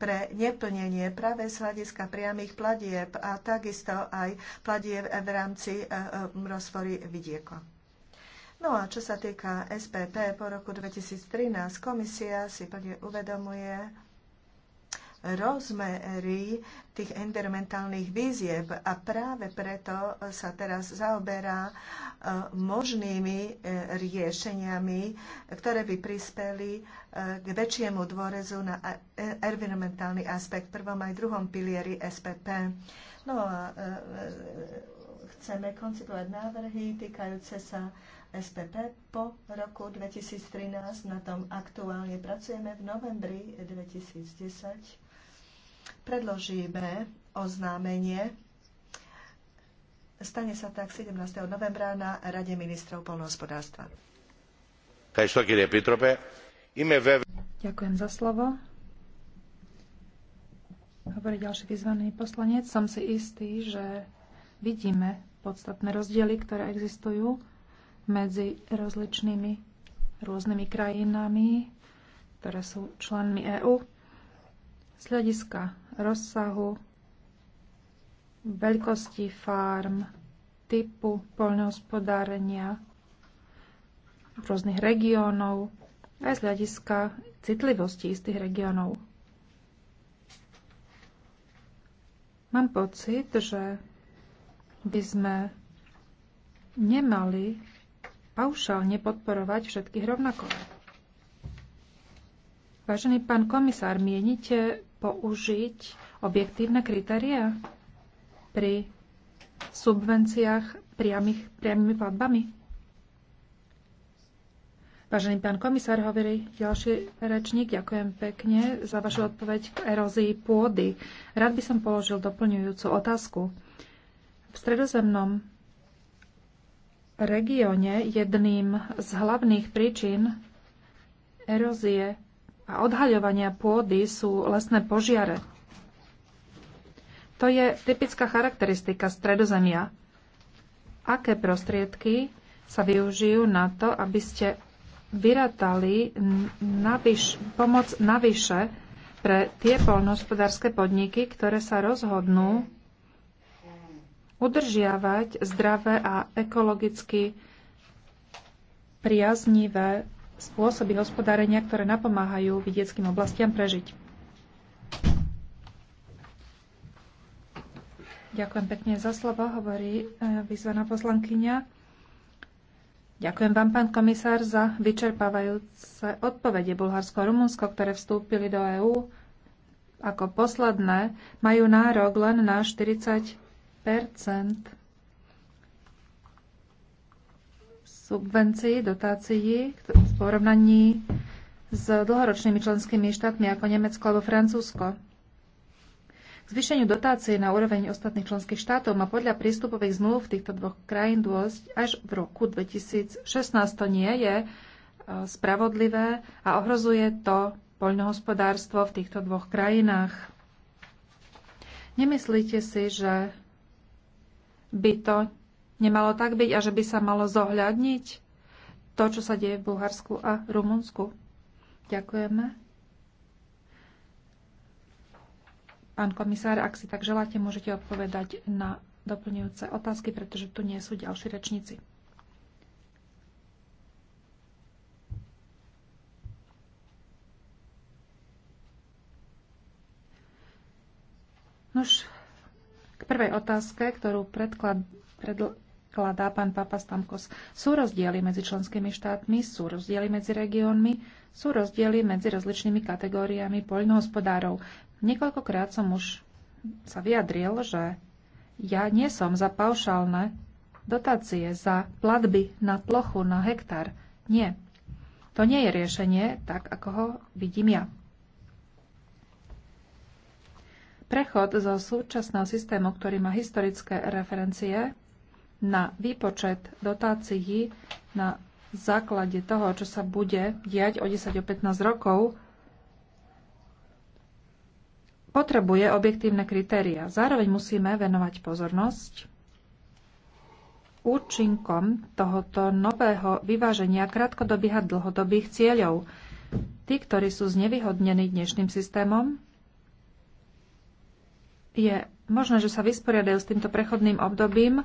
S1: pre neplnenie práve z hľadiska priamých platieb a takisto aj pladieb v rámci e, e, rozfory vidieko. No a čo sa týka SPP po roku 2013, komisia si plne uvedomuje, rozmery tých environmentálnych výzieb. a práve preto sa teraz zaoberá e, možnými e, riešeniami, ktoré by prispeli e, k väčšiemu dôrezu na environmentálny aspekt v prvom aj druhom pilieri SPP. No a chceme koncipovať návrhy týkajúce sa SPP po roku 2013. Na tom aktuálne pracujeme v novembri 2010 predložíme oznámenie. Stane sa tak 17. novembra na Rade
S3: ministrov polnohospodárstva. Ďakujem za slovo. Hovorí ďalší vyzvaný poslanec. Som si istý, že vidíme podstatné rozdiely, ktoré existujú medzi rozličnými rôznymi krajinami, ktoré sú členmi EÚ. Z hľadiska rozsahu, veľkosti farm, typu poľnohospodárenia rôznych regiónov, aj z hľadiska citlivosti istých regiónov. Mám pocit, že by sme nemali paušálne podporovať všetkých rovnako. Vážený pán komisár, mienite použiť objektívne kritéria pri subvenciách priamých, priamými platbami? Vážený pán komisár, hovorí ďalší rečník, ďakujem pekne za vašu odpoveď k erózii pôdy. Rád by som položil doplňujúcu otázku. V stredozemnom regióne jedným z hlavných príčin erózie a odhaľovania pôdy sú lesné požiare. To je typická charakteristika stredozemia. Aké prostriedky sa využijú na to, aby ste vyratali naviš, pomoc navyše pre tie polnohospodárske podniky, ktoré sa rozhodnú udržiavať zdravé a ekologicky priaznivé spôsoby hospodárenia, ktoré napomáhajú vidieckým oblastiam prežiť. Ďakujem pekne za slovo, hovorí e, vyzvaná poslankyňa. Ďakujem vám, pán komisár, za vyčerpávajúce odpovede. Bulharsko a Rumunsko, ktoré vstúpili do EÚ ako posledné, majú nárok len na 40 subvencií, dotácií v porovnaní s dlhoročnými členskými štátmi ako Nemecko alebo Francúzsko. K zvýšeniu dotácií na úroveň ostatných členských štátov má podľa prístupových zmluv týchto dvoch krajín dôsť až v roku 2016. To nie je e, spravodlivé a ohrozuje to poľnohospodárstvo v týchto dvoch krajinách. Nemyslíte si, že by to nemalo tak byť a že by sa malo zohľadniť to, čo sa deje v Bulharsku a Rumunsku. Ďakujeme. Pán komisár, ak si tak želáte, môžete odpovedať na doplňujúce otázky, pretože tu nie sú ďalší rečníci. Nož, k prvej otázke, ktorú predklad, predl, Kladá pán Papa Stamkos. Sú rozdiely medzi členskými štátmi, sú rozdiely medzi regiónmi, sú rozdiely medzi rozličnými kategóriami poľnohospodárov. Niekoľkokrát som už sa vyjadril, že ja nie som za paušálne dotácie, za platby na plochu, na hektár. Nie. To nie je riešenie, tak ako ho vidím ja. Prechod zo súčasného systému, ktorý má historické referencie, na výpočet dotácií na základe toho, čo sa bude diať o 10 o 15 rokov, potrebuje objektívne kritéria. Zároveň musíme venovať pozornosť účinkom tohoto nového vyváženia krátkodobých a dlhodobých cieľov. Tí, ktorí sú znevýhodnení dnešným systémom, je možné, že sa vysporiadajú s týmto prechodným obdobím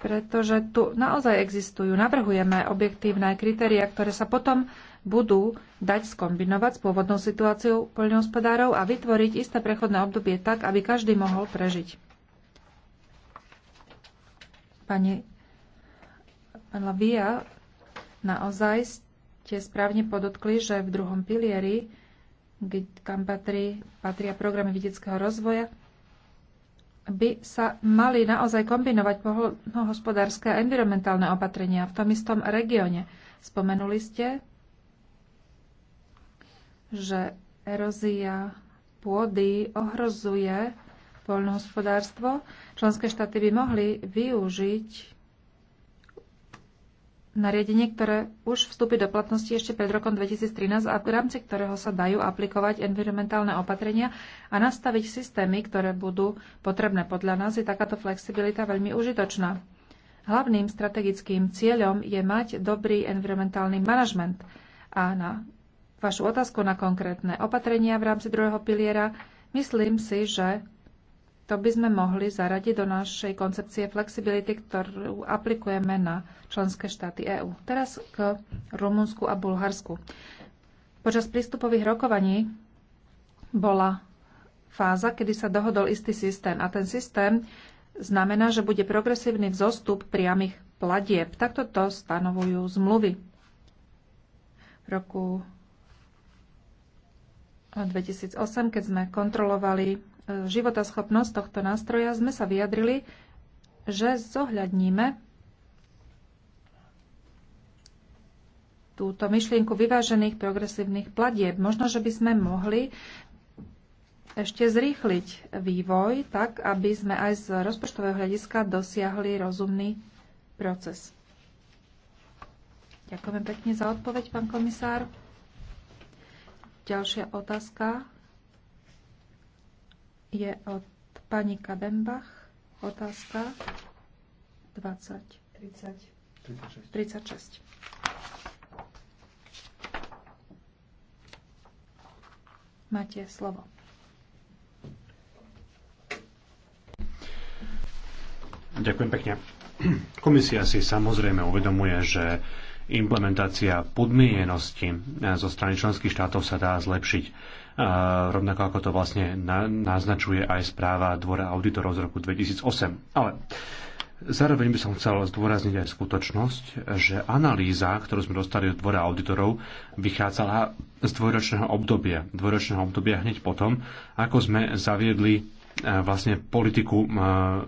S3: pretože tu naozaj existujú, navrhujeme objektívne kritéria, ktoré sa potom budú dať skombinovať s pôvodnou situáciou poľnohospodárov a vytvoriť isté prechodné obdobie tak, aby každý mohol prežiť. Pani Lavia, naozaj ste správne podotkli, že v druhom pilieri, kam patrí, patria programy vidieckého rozvoja, by sa mali naozaj kombinovať poľnohospodárske a environmentálne opatrenia v tom istom regióne. Spomenuli ste, že erózia pôdy ohrozuje poľnohospodárstvo. Členské štáty by mohli využiť nariadenie, ktoré už vstúpi do platnosti ešte pred rokom 2013 a v rámci ktorého sa dajú aplikovať environmentálne opatrenia a nastaviť systémy, ktoré budú potrebné. Podľa nás je takáto flexibilita veľmi užitočná. Hlavným strategickým cieľom je mať dobrý environmentálny manažment. A na vašu otázku na konkrétne opatrenia v rámci druhého piliera, myslím si, že to by sme mohli zaradiť do našej koncepcie flexibility, ktorú aplikujeme na členské štáty EÚ. Teraz k Rumunsku a Bulharsku. Počas prístupových rokovaní bola fáza, kedy sa dohodol istý systém a ten systém znamená, že bude progresívny vzostup priamých platieb. Takto to stanovujú zmluvy. V roku 2008, keď sme kontrolovali životaschopnosť tohto nástroja sme sa vyjadrili, že zohľadníme túto myšlienku vyvážených progresívnych platieb. Možno, že by sme mohli ešte zrýchliť vývoj tak, aby sme aj z rozpočtového hľadiska dosiahli rozumný proces. Ďakujem pekne za odpoveď, pán komisár. Ďalšia otázka je od pani Kadembach. Otázka 20. 30. 36. 36. Máte slovo.
S2: Ďakujem pekne. Komisia si samozrejme uvedomuje, že implementácia podmienenosti zo strany členských štátov sa dá zlepšiť rovnako ako to vlastne naznačuje aj správa Dvora auditorov z roku 2008. Ale Zároveň by som chcel zdôrazniť aj skutočnosť, že analýza, ktorú sme dostali od dvora auditorov, vychádzala z dvojročného obdobia. Dvojročného obdobia hneď potom, ako sme zaviedli e, vlastne politiku e,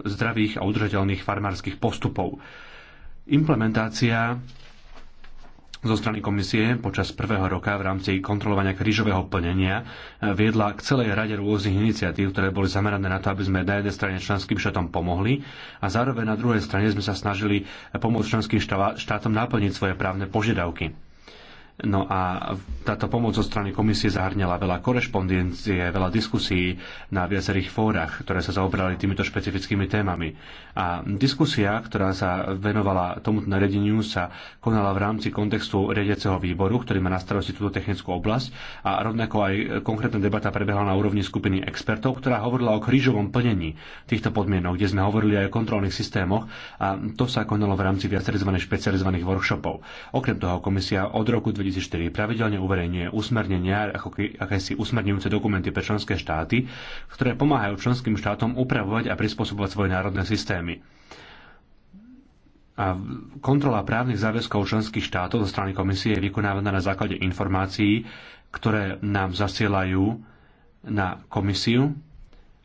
S2: zdravých a udržateľných farmárskych postupov. Implementácia zo strany komisie počas prvého roka v rámci kontrolovania krížového plnenia e, viedla k celej rade rôznych iniciatív, ktoré boli zamerané na to, aby sme na jednej strane členským štátom pomohli a zároveň na druhej strane sme sa snažili pomôcť členským štátom naplniť svoje právne požiadavky. No a táto pomoc zo strany komisie zahrňala veľa korešpondencie, veľa diskusí na viacerých fórach, ktoré sa zaobrali týmito špecifickými témami. A diskusia, ktorá sa venovala tomuto nariadeniu, sa konala v rámci kontextu riadiaceho výboru, ktorý má na starosti túto technickú oblasť a rovnako aj konkrétna debata prebehla na úrovni skupiny expertov, ktorá hovorila o krížovom plnení týchto podmienok, kde sme hovorili aj o kontrolných systémoch a to sa konalo v rámci viacerých špecializovaných workshopov. Okrem toho komisia od roku 2000 2004 pravidelne uverejňuje usmernenia, ako akési usmerňujúce dokumenty pre členské štáty, ktoré pomáhajú členským štátom upravovať a prispôsobovať svoje národné systémy. A kontrola právnych záväzkov členských štátov zo strany komisie je vykonávaná na základe informácií, ktoré nám zasielajú na komisiu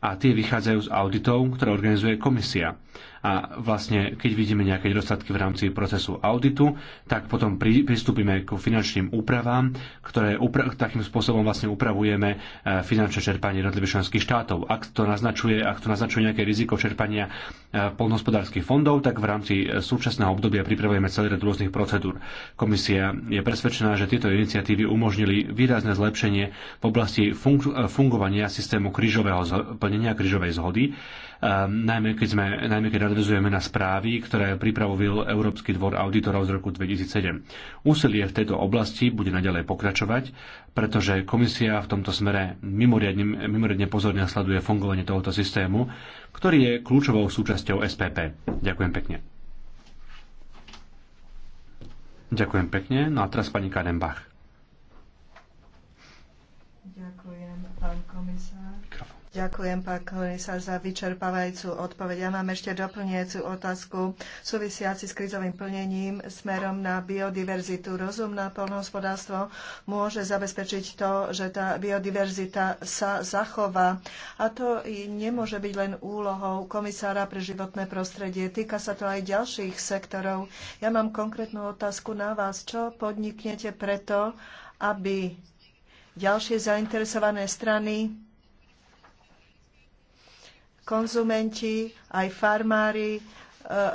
S2: a tie vychádzajú z auditov, ktoré organizuje komisia a vlastne keď vidíme nejaké nedostatky v rámci procesu auditu, tak potom pri, pristúpime k finančným úpravám, ktoré upra- takým spôsobom vlastne upravujeme e, finančné čerpanie jednotlivých členských štátov. Ak to naznačuje, ak to naznačuje nejaké riziko čerpania e, polnohospodárskych fondov, tak v rámci e, súčasného obdobia pripravujeme celý rad rôznych procedúr. Komisia je presvedčená, že tieto iniciatívy umožnili výrazné zlepšenie v oblasti fungovania systému krížového plnenia krížovej zhody Ehm, najmä keď, sme, najmä keď nadvezujeme na správy, ktoré pripravil Európsky dvor auditorov z roku 2007. Úsilie v tejto oblasti bude naďalej pokračovať, pretože komisia v tomto smere mimoriadne, mimoriadne pozorne sleduje fungovanie tohoto systému, ktorý je kľúčovou súčasťou SPP. Ďakujem pekne. Ďakujem pekne. No a teraz pani Kadenbach.
S1: Ďakujem, pán komisár, za vyčerpávajúcu odpoveď. Ja mám ešte doplňujúcu otázku súvisiaci s krizovým plnením smerom na biodiverzitu. Rozumná polnohospodárstvo môže zabezpečiť to, že tá biodiverzita sa zachová. A to nemôže byť len úlohou komisára pre životné prostredie. Týka sa to aj ďalších sektorov. Ja mám konkrétnu otázku na vás. Čo podniknete preto, aby ďalšie zainteresované strany konzumenti, aj farmári e,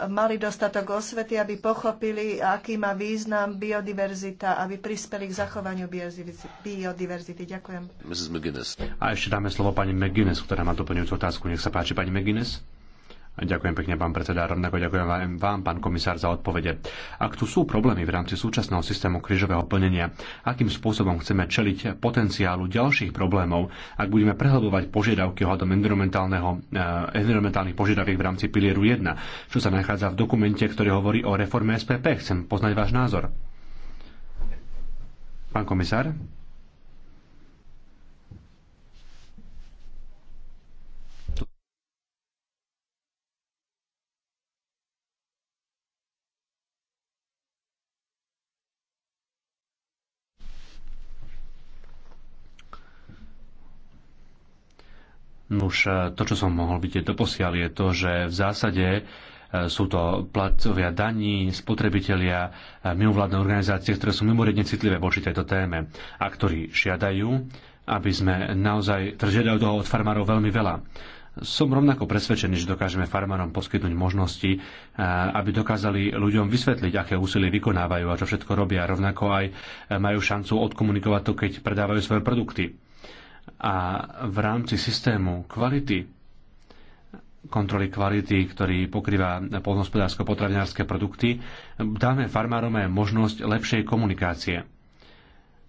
S1: mali dostatok osvety, aby pochopili, aký má význam biodiverzita, aby prispeli k zachovaniu biodiverzity. Ďakujem.
S2: A ešte dáme slovo pani McGuinness, ktorá má doplňujúcu otázku. Nech sa páči, pani McGuinness. Ďakujem pekne, pán predseda. Rovnako ďakujem vám, vám, pán komisár, za odpovede. Ak tu sú problémy v rámci súčasného systému krížového plnenia, akým spôsobom chceme čeliť potenciálu ďalších problémov, ak budeme prehlbovať požiadavky ohľadom environmentálneho, eh, environmentálnych požiadaviek v rámci pilieru 1, čo sa nachádza v dokumente, ktorý hovorí o reforme SPP. Chcem poznať váš názor. Pán komisár? Nuž, e, to, čo som mohol vidieť doposiaľ, je to, že v zásade e, sú to platcovia daní, spotrebitelia, e, mimovládne organizácie, ktoré sú mimoriadne citlivé voči tejto téme a ktorí žiadajú, aby sme naozaj, tržiadajú teda toho od farmárov veľmi veľa som rovnako presvedčený, že dokážeme farmárom poskytnúť možnosti, aby dokázali ľuďom vysvetliť, aké úsilie vykonávajú a čo všetko robia. Rovnako aj majú šancu odkomunikovať to, keď predávajú svoje produkty a v rámci systému kvality kontroly kvality, ktorý pokrýva polnohospodársko-potravinárske produkty, dáme farmárom aj možnosť lepšej komunikácie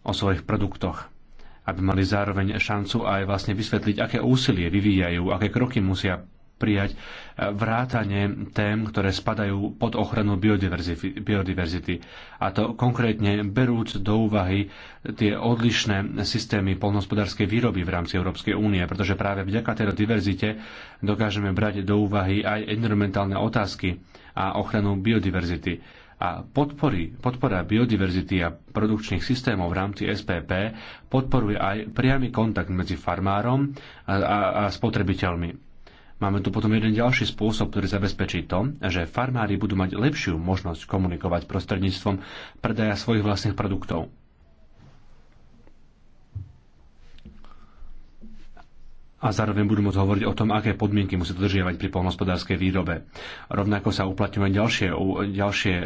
S2: o svojich produktoch, aby mali zároveň šancu aj vlastne vysvetliť, aké úsilie vyvíjajú, aké kroky musia prijať e, vrátanie tém, ktoré spadajú pod ochranu biodiverzity. A to konkrétne berúc do úvahy tie odlišné systémy polnohospodárskej výroby v rámci Európskej únie, pretože práve vďaka tejto diverzite dokážeme brať do úvahy aj environmentálne otázky a ochranu biodiverzity a podpory, podpora biodiverzity a produkčných systémov v rámci SPP podporuje aj priamy kontakt medzi farmárom a, a, a spotrebiteľmi. Máme tu potom jeden ďalší spôsob, ktorý zabezpečí to, že farmári budú mať lepšiu možnosť komunikovať prostredníctvom predaja svojich vlastných produktov. a zároveň budú môcť hovoriť o tom, aké podmienky musí dodržiavať pri polnospodárskej výrobe. Rovnako sa uplatňujú ďalšie, ďalšie e,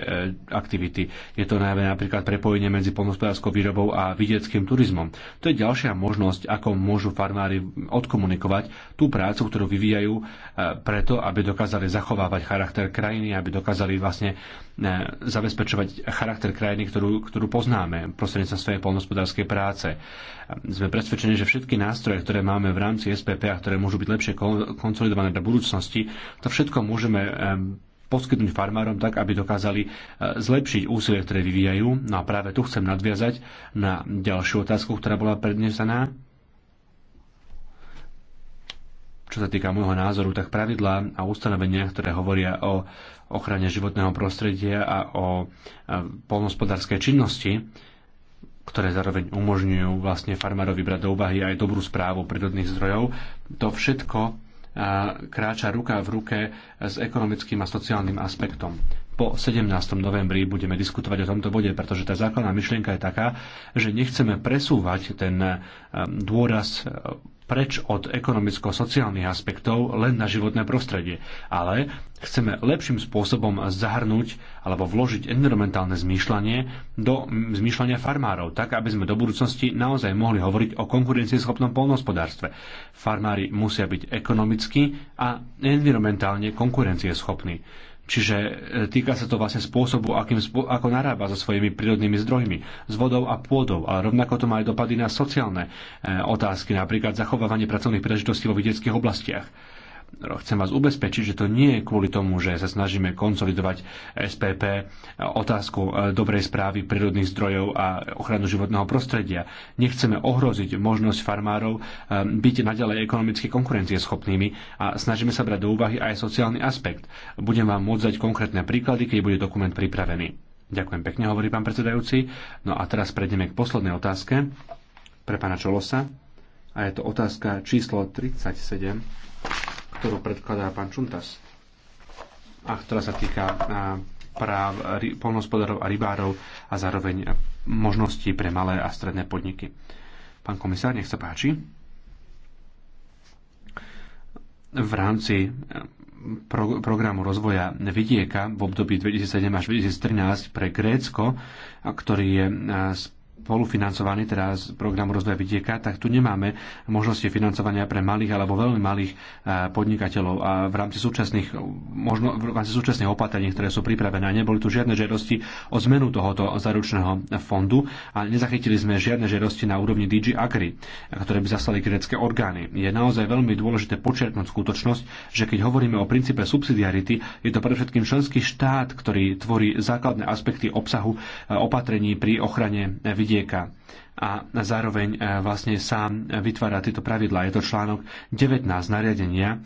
S2: aktivity. Je to najmä napríklad prepojenie medzi polnospodárskou výrobou a vidieckým turizmom. To je ďalšia možnosť, ako môžu farmári odkomunikovať tú prácu, ktorú vyvíjajú e, preto, aby dokázali zachovávať charakter krajiny, aby dokázali vlastne E, zabezpečovať charakter krajiny, ktorú, ktorú poznáme prostredníctvom svojej polnospodárskej práce. Sme presvedčení, že všetky nástroje, ktoré máme v rámci SPP a ktoré môžu byť lepšie konsolidované do budúcnosti, to všetko môžeme e, poskytnúť farmárom tak, aby dokázali e, zlepšiť úsilie, ktoré vyvíjajú. No a práve tu chcem nadviazať na ďalšiu otázku, ktorá bola prednesená čo sa týka môjho názoru, tak pravidlá a ustanovenia, ktoré hovoria o ochrane životného prostredia a o polnospodárskej činnosti, ktoré zároveň umožňujú vlastne farmárovi brať do úvahy aj dobrú správu prírodných zdrojov. To všetko kráča ruka v ruke s ekonomickým a sociálnym aspektom po 17. novembri budeme diskutovať o tomto bode, pretože tá základná myšlienka je taká, že nechceme presúvať ten dôraz preč od ekonomicko-sociálnych aspektov len na životné prostredie, ale chceme lepším spôsobom zahrnúť alebo vložiť environmentálne zmýšľanie do zmýšľania farmárov, tak aby sme do budúcnosti naozaj mohli hovoriť o konkurencieschopnom polnohospodárstve. Farmári musia byť ekonomicky a environmentálne konkurencieschopní Čiže e, týka sa to vlastne spôsobu, akým, ako narába so svojimi prírodnými zdrojmi, s vodou a pôdou, ale rovnako to má aj dopady na sociálne e, otázky, napríklad zachovávanie pracovných príležitostí vo vidieckých oblastiach chcem vás ubezpečiť, že to nie je kvôli tomu, že sa snažíme konsolidovať SPP eh, otázku eh, dobrej správy prírodných zdrojov a ochranu životného prostredia. Nechceme ohroziť možnosť farmárov eh, byť naďalej ekonomicky konkurencieschopnými a snažíme sa brať do úvahy aj sociálny aspekt. Budem vám môcť dať konkrétne príklady, keď bude dokument pripravený. Ďakujem pekne, hovorí pán predsedajúci. No a teraz prejdeme k poslednej otázke pre pána Čolosa. A je to otázka číslo 37 ktorú predkladá pán Čuntas a ktorá sa týka práv polnospodárov a rybárov a zároveň možností pre malé a stredné podniky. Pán komisár, nech sa páči. V rámci e, pro, programu rozvoja vidieka v období 2007 až 2013 pre Grécko, ktorý je spolufinancovaný teda z programu rozvoja vidieka, tak tu nemáme možnosti financovania pre malých alebo veľmi malých e, podnikateľov. A v rámci súčasných, možno, v rámci súčasných opatrení, ktoré sú pripravené, a neboli tu žiadne žiadosti o zmenu tohoto zaručného fondu a nezachytili sme žiadne žiadosti na úrovni DG Agri, ktoré by zaslali grecké orgány. Je naozaj veľmi dôležité počerknúť skutočnosť, že keď hovoríme o princípe subsidiarity, je to predovšetkým členský štát, ktorý tvorí základné aspekty obsahu e, opatrení pri ochrane vidieka vidieka a zároveň e, vlastne sám vytvára tieto pravidlá. Je to článok 19 nariadenia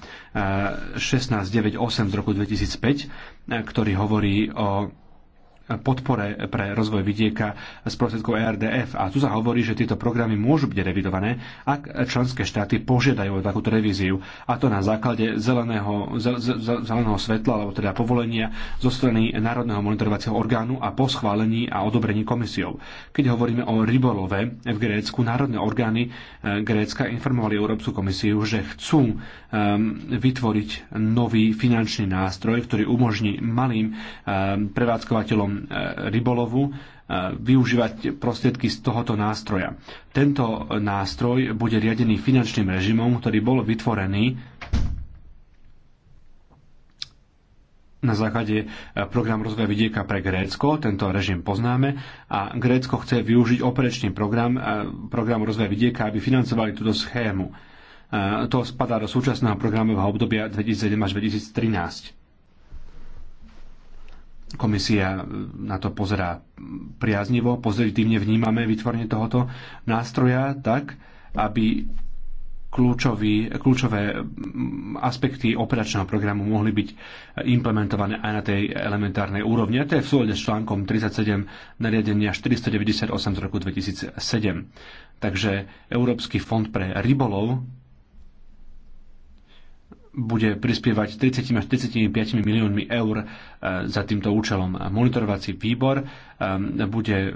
S2: 1698 e, z roku 2005, e, ktorý hovorí o podpore pre rozvoj vidieka z prostriedkov ERDF. A tu sa hovorí, že tieto programy môžu byť revidované, ak členské štáty požiadajú o takúto revíziu. A to na základe zeleného, zeleného svetla, alebo teda povolenia zo strany Národného monitorovacieho orgánu a po schválení a odobrení komisiou. Keď hovoríme o rybolove v Grécku, národné orgány eh, Grécka informovali Európsku komisiu, že chcú um, vytvoriť nový finančný nástroj, ktorý umožní malým um, prevádzkovateľom Eh, rybolovu eh, využívať prostriedky z tohoto nástroja. Tento nástroj bude riadený finančným režimom, ktorý bol vytvorený na základe eh, program rozvoja vidieka pre Grécko. Tento režim poznáme a Grécko chce využiť operačný program, program rozvoja vidieka, aby financovali túto schému. To spadá do súčasného programového obdobia 2007 až 2013. Komisia na to pozerá priaznivo, pozitívne vnímame vytvorenie tohoto nástroja tak, aby kľúčový, kľúčové mm, aspekty operačného programu mohli byť implementované aj na tej elementárnej úrovni. A to je v súlade s článkom 37 nariadenia 498 z roku 2007. Takže Európsky fond pre rybolov bude prispievať 30 až 35 miliónmi eur e, za týmto účelom. Monitorovací výbor e, bude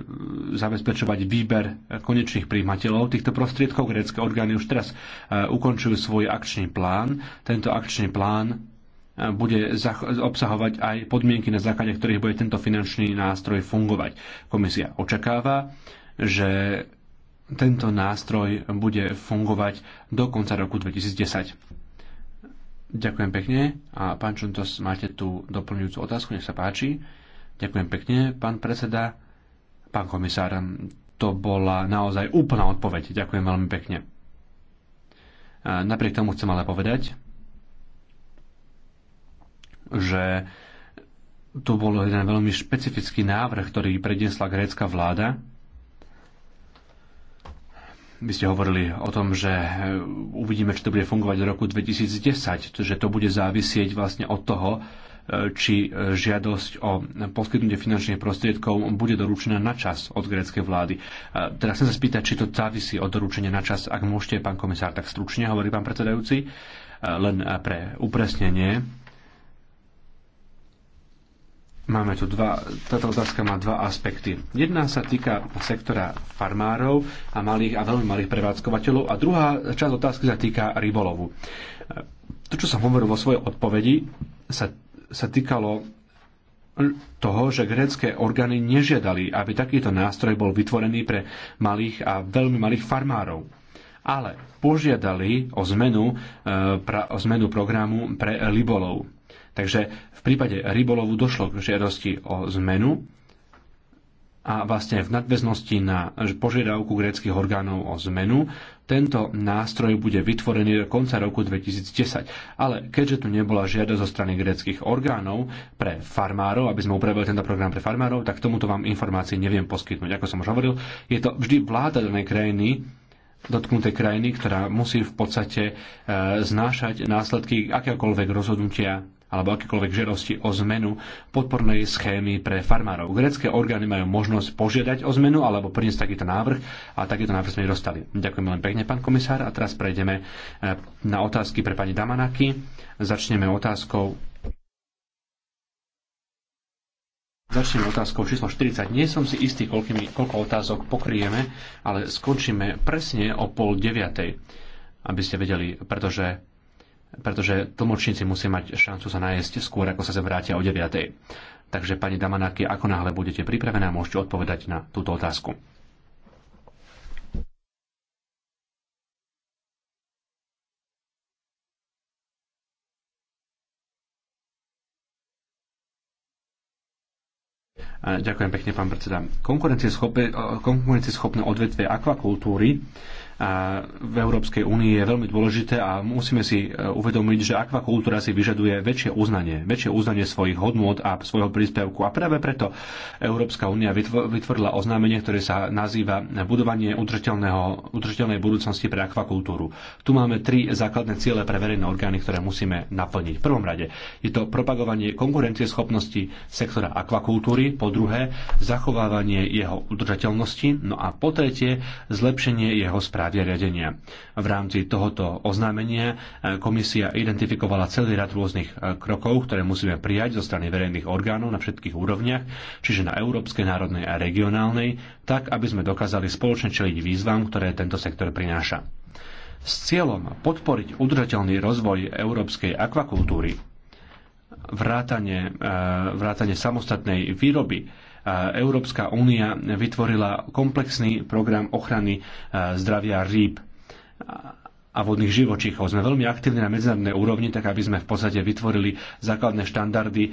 S2: zabezpečovať výber konečných príjmateľov týchto prostriedkov. Grécké orgány už teraz e, ukončujú svoj akčný plán. Tento akčný plán bude obsahovať aj podmienky, na základe ktorých bude tento finančný nástroj fungovať. Komisia očakáva, že tento nástroj bude fungovať do konca roku 2010. Ďakujem pekne. A pán Čuntos, máte tu doplňujúcu otázku, nech sa páči. Ďakujem pekne, pán predseda. Pán komisár, to bola naozaj úplná odpoveď. Ďakujem veľmi pekne. A napriek tomu chcem ale povedať, že tu bol jeden veľmi špecifický návrh, ktorý predniesla grécka vláda vy ste hovorili o tom, že e, uvidíme, či to bude fungovať v roku 2010, že to bude závisieť vlastne od toho, e, či e, žiadosť o poskytnutie finančných prostriedkov bude doručená na čas od gréckej vlády. Teraz chcem sa spýtať, či to závisí od doručenia na čas. Ak môžete, pán komisár, tak stručne, hovorí pán predsedajúci, len pre upresnenie Máme tu dva, táto otázka má dva aspekty. Jedna sa týka sektora farmárov a malých a veľmi malých prevádzkovateľov a druhá časť otázky sa týka rybolovu. To, čo som hovoril vo svojej odpovedi, sa, sa týkalo toho, že grécké orgány nežiadali, aby takýto nástroj bol vytvorený pre malých a veľmi malých farmárov ale požiadali o zmenu, e, pra, o zmenu programu pre Libolov. Takže v prípade rybolovu došlo k žiadosti o zmenu a vlastne v nadväznosti na požiadavku gréckych orgánov o zmenu tento nástroj bude vytvorený do konca roku 2010. Ale keďže tu nebola žiadosť zo strany gréckych orgánov pre farmárov, aby sme upravili tento program pre farmárov, tak tomuto vám informácie neviem poskytnúť. Ako som už hovoril, je to vždy vláda danej krajiny, dotknutej krajiny, ktorá musí v podstate e, znášať následky akéhokoľvek rozhodnutia alebo akékoľvek žiadosti o zmenu podpornej schémy pre farmárov. Grecké orgány majú možnosť požiadať o zmenu alebo priniesť takýto návrh a takýto návrh sme nedostali. Ďakujem len pekne, pán komisár. A teraz prejdeme e, na otázky pre pani Damanaky. Začneme otázkou Začneme otázkou číslo 40. Nie som si istý, koľkými, koľko otázok pokrieme, ale skončíme presne o pol deviatej, aby ste vedeli, pretože pretože tlmočníci musí mať šancu sa nájsť skôr, ako sa sem vrátia o 9. Takže, pani Damanaki, ako náhle budete pripravená, môžete odpovedať na túto otázku. Ďakujem pekne, pán predseda. Konkurencieschopné, eh, konkurencieschopné odvetvie akvakultúry v Európskej únii je veľmi dôležité a musíme si e, uvedomiť, že akvakultúra si vyžaduje väčšie uznanie, väčšie uznanie svojich hodnôt a svojho príspevku. A práve preto Európska únia vytvorila oznámenie, ktoré sa nazýva budovanie udržateľnej budúcnosti pre akvakultúru. Tu máme tri základné ciele pre verejné orgány, ktoré musíme naplniť. V prvom rade je to propagovanie konkurencieschopnosti sektora akvakultúry, po druhé zachovávanie jeho udržateľnosti, no a po tretie zlepšenie jeho správy správy riadenia. V rámci tohoto oznámenia e, komisia identifikovala celý rad rôznych e, krokov, ktoré musíme prijať zo strany verejných orgánov na všetkých úrovniach, čiže na európskej, národnej a regionálnej, tak aby sme dokázali spoločne čeliť výzvam, ktoré tento sektor prináša. S cieľom podporiť udržateľný rozvoj európskej akvakultúry vrátanie, e, vrátane samostatnej výroby Európska únia vytvorila komplexný program ochrany e, zdravia rýb a vodných živočíchov. Sme veľmi aktívni na medzinárodnej úrovni, tak aby sme v podstate vytvorili základné štandardy e,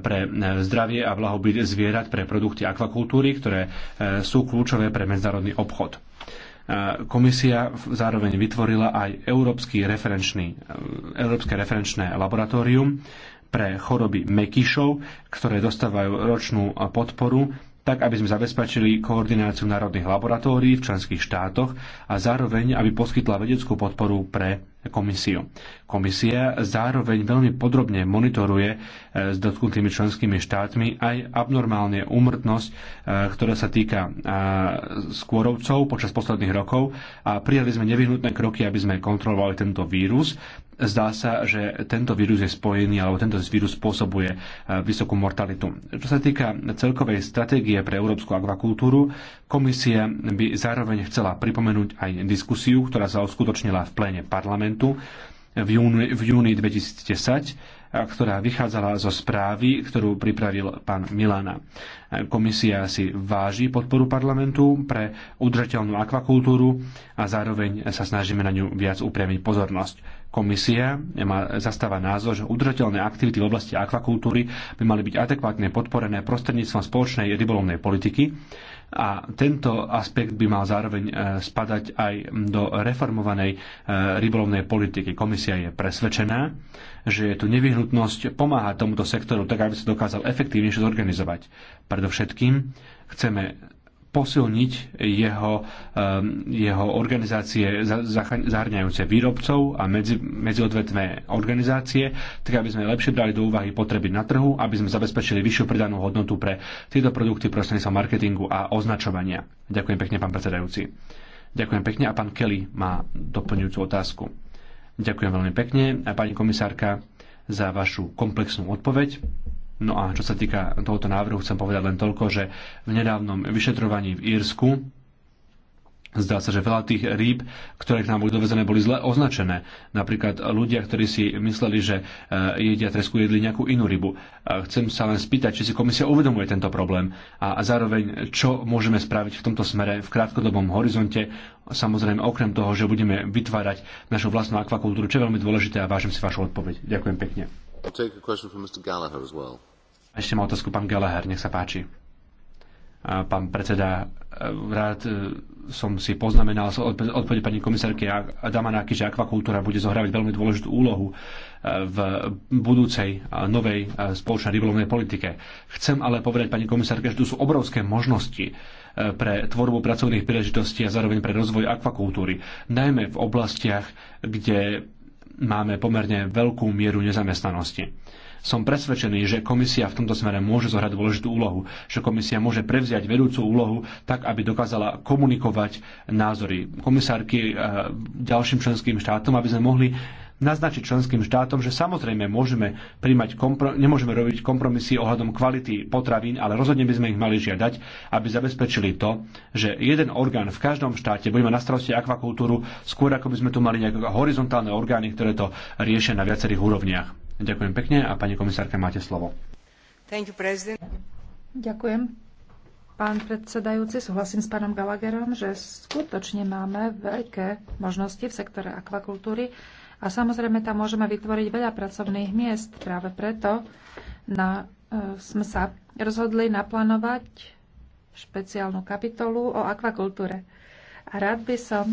S2: pre e, zdravie a blahobyt zvierat pre produkty akvakultúry, ktoré sú kľúčové pre medzinárodný obchod. Komisia zároveň vytvorila aj Európsky referenčný, Európske referenčné laboratórium, pre choroby mekyšov, ktoré dostávajú ročnú podporu, tak aby sme zabezpečili koordináciu národných laboratórií v členských štátoch a zároveň aby poskytla vedeckú podporu pre komisiu. Komisia zároveň veľmi podrobne monitoruje e, s dotknutými členskými štátmi aj abnormálne úmrtnosť, e, ktorá sa týka e, skôrovcov počas posledných rokov a prijali sme nevyhnutné kroky, aby sme kontrolovali tento vírus. Zdá sa, že tento vírus je spojený alebo tento vírus spôsobuje vysokú mortalitu. Čo sa týka celkovej stratégie pre európsku akvakultúru, komisia by zároveň chcela pripomenúť aj diskusiu, ktorá sa uskutočnila v pléne parlamentu, v júni, v júni 2010, ktorá vychádzala zo správy, ktorú pripravil pán Milana. Komisia si váži podporu parlamentu pre udržateľnú akvakultúru a zároveň sa snažíme na ňu viac upriamiť pozornosť. Komisia má, zastáva názor, že udržateľné aktivity v oblasti akvakultúry by mali byť adekvátne podporené prostredníctvom spoločnej rybolovnej politiky a tento aspekt by mal zároveň e, spadať aj do reformovanej e, rybolovnej politiky. Komisia je presvedčená, že je tu nevyhnutnosť pomáhať tomuto sektoru tak, aby sa dokázal efektívnejšie zorganizovať. Predovšetkým chceme posilniť jeho, um, jeho organizácie zahrňajúce výrobcov a medzi, medziodvetné organizácie, tak aby sme lepšie brali do úvahy potreby na trhu, aby sme zabezpečili vyššiu pridanú hodnotu pre tieto produkty prostredníctvom marketingu a označovania. Ďakujem pekne, pán predsedajúci. Ďakujem pekne a pán Kelly má doplňujúcu otázku. Ďakujem veľmi pekne, a pani komisárka, za vašu komplexnú odpoveď. No a čo sa týka tohoto návrhu, chcem povedať len toľko, že v nedávnom vyšetrovaní v Írsku Zdá sa, že veľa tých rýb, ktoré k nám boli dovezené, boli zle označené. Napríklad ľudia, ktorí si mysleli, že e, jedia tresku, jedli nejakú inú rybu. Chcem sa len spýtať, či si komisia uvedomuje tento problém a zároveň, čo môžeme spraviť v tomto smere v krátkodobom horizonte, samozrejme okrem toho, že budeme vytvárať našu vlastnú akvakultúru, čo je veľmi dôležité a vážim si vašu odpoveď. Ďakujem pekne. Well. Ešte mám otázku pán Gallagher, nech sa páči. Pán predseda, e, rád e, som si poznamenal odpovede pani komisárky Adamanáky, že akvakultúra bude zohrávať veľmi dôležitú úlohu e, v budúcej novej spoločnej rybolovnej politike. Chcem ale povedať pani komisárke, že tu sú obrovské možnosti pre tvorbu pracovných príležitostí a zároveň pre rozvoj akvakultúry, najmä v oblastiach, kde máme pomerne veľkú mieru nezamestnanosti. Som presvedčený, že komisia v tomto smere môže zohrať dôležitú úlohu, že komisia môže prevziať vedúcu úlohu tak, aby dokázala komunikovať názory komisárky eh, ďalším členským štátom, aby sme mohli naznačiť členským štátom, že samozrejme môžeme príjmať kompro- nemôžeme robiť kompromisy ohľadom kvality potravín, ale rozhodne by sme ich mali žiadať, aby zabezpečili to, že jeden orgán v každom štáte bude mať na starosti akvakultúru skôr, ako by sme tu mali nejaké horizontálne orgány, ktoré to riešia na viacerých úrovniach. Ďakujem pekne a pani komisárka, máte slovo.
S3: Thank you, president. Ďakujem. Pán predsedajúci, súhlasím s pánom Gallagherom, že skutočne máme veľké možnosti v sektore akvakultúry a samozrejme tam môžeme vytvoriť veľa pracovných miest. Práve preto na, e, sme sa rozhodli naplánovať špeciálnu kapitolu o akvakultúre. A rád by som,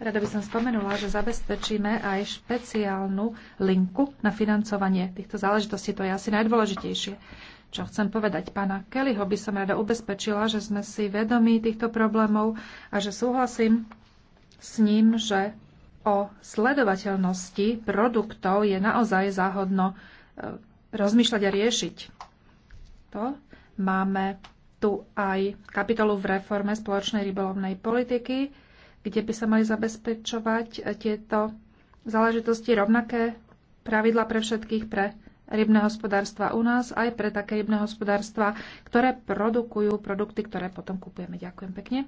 S3: rada by som spomenula, že zabezpečíme aj špeciálnu linku na financovanie týchto záležitostí. To je asi najdôležitejšie. Čo chcem povedať pána Kellyho, by som rada ubezpečila, že sme si vedomí týchto problémov a že súhlasím s ním, že o sledovateľnosti produktov je naozaj záhodno e, rozmýšľať a riešiť. To máme tu aj kapitolu v reforme spoločnej rybolovnej politiky, kde by sa mali zabezpečovať e, tieto záležitosti rovnaké pravidla pre všetkých pre rybné hospodárstva u nás, aj pre také rybné hospodárstva, ktoré produkujú produkty, ktoré potom kupujeme. Ďakujem pekne.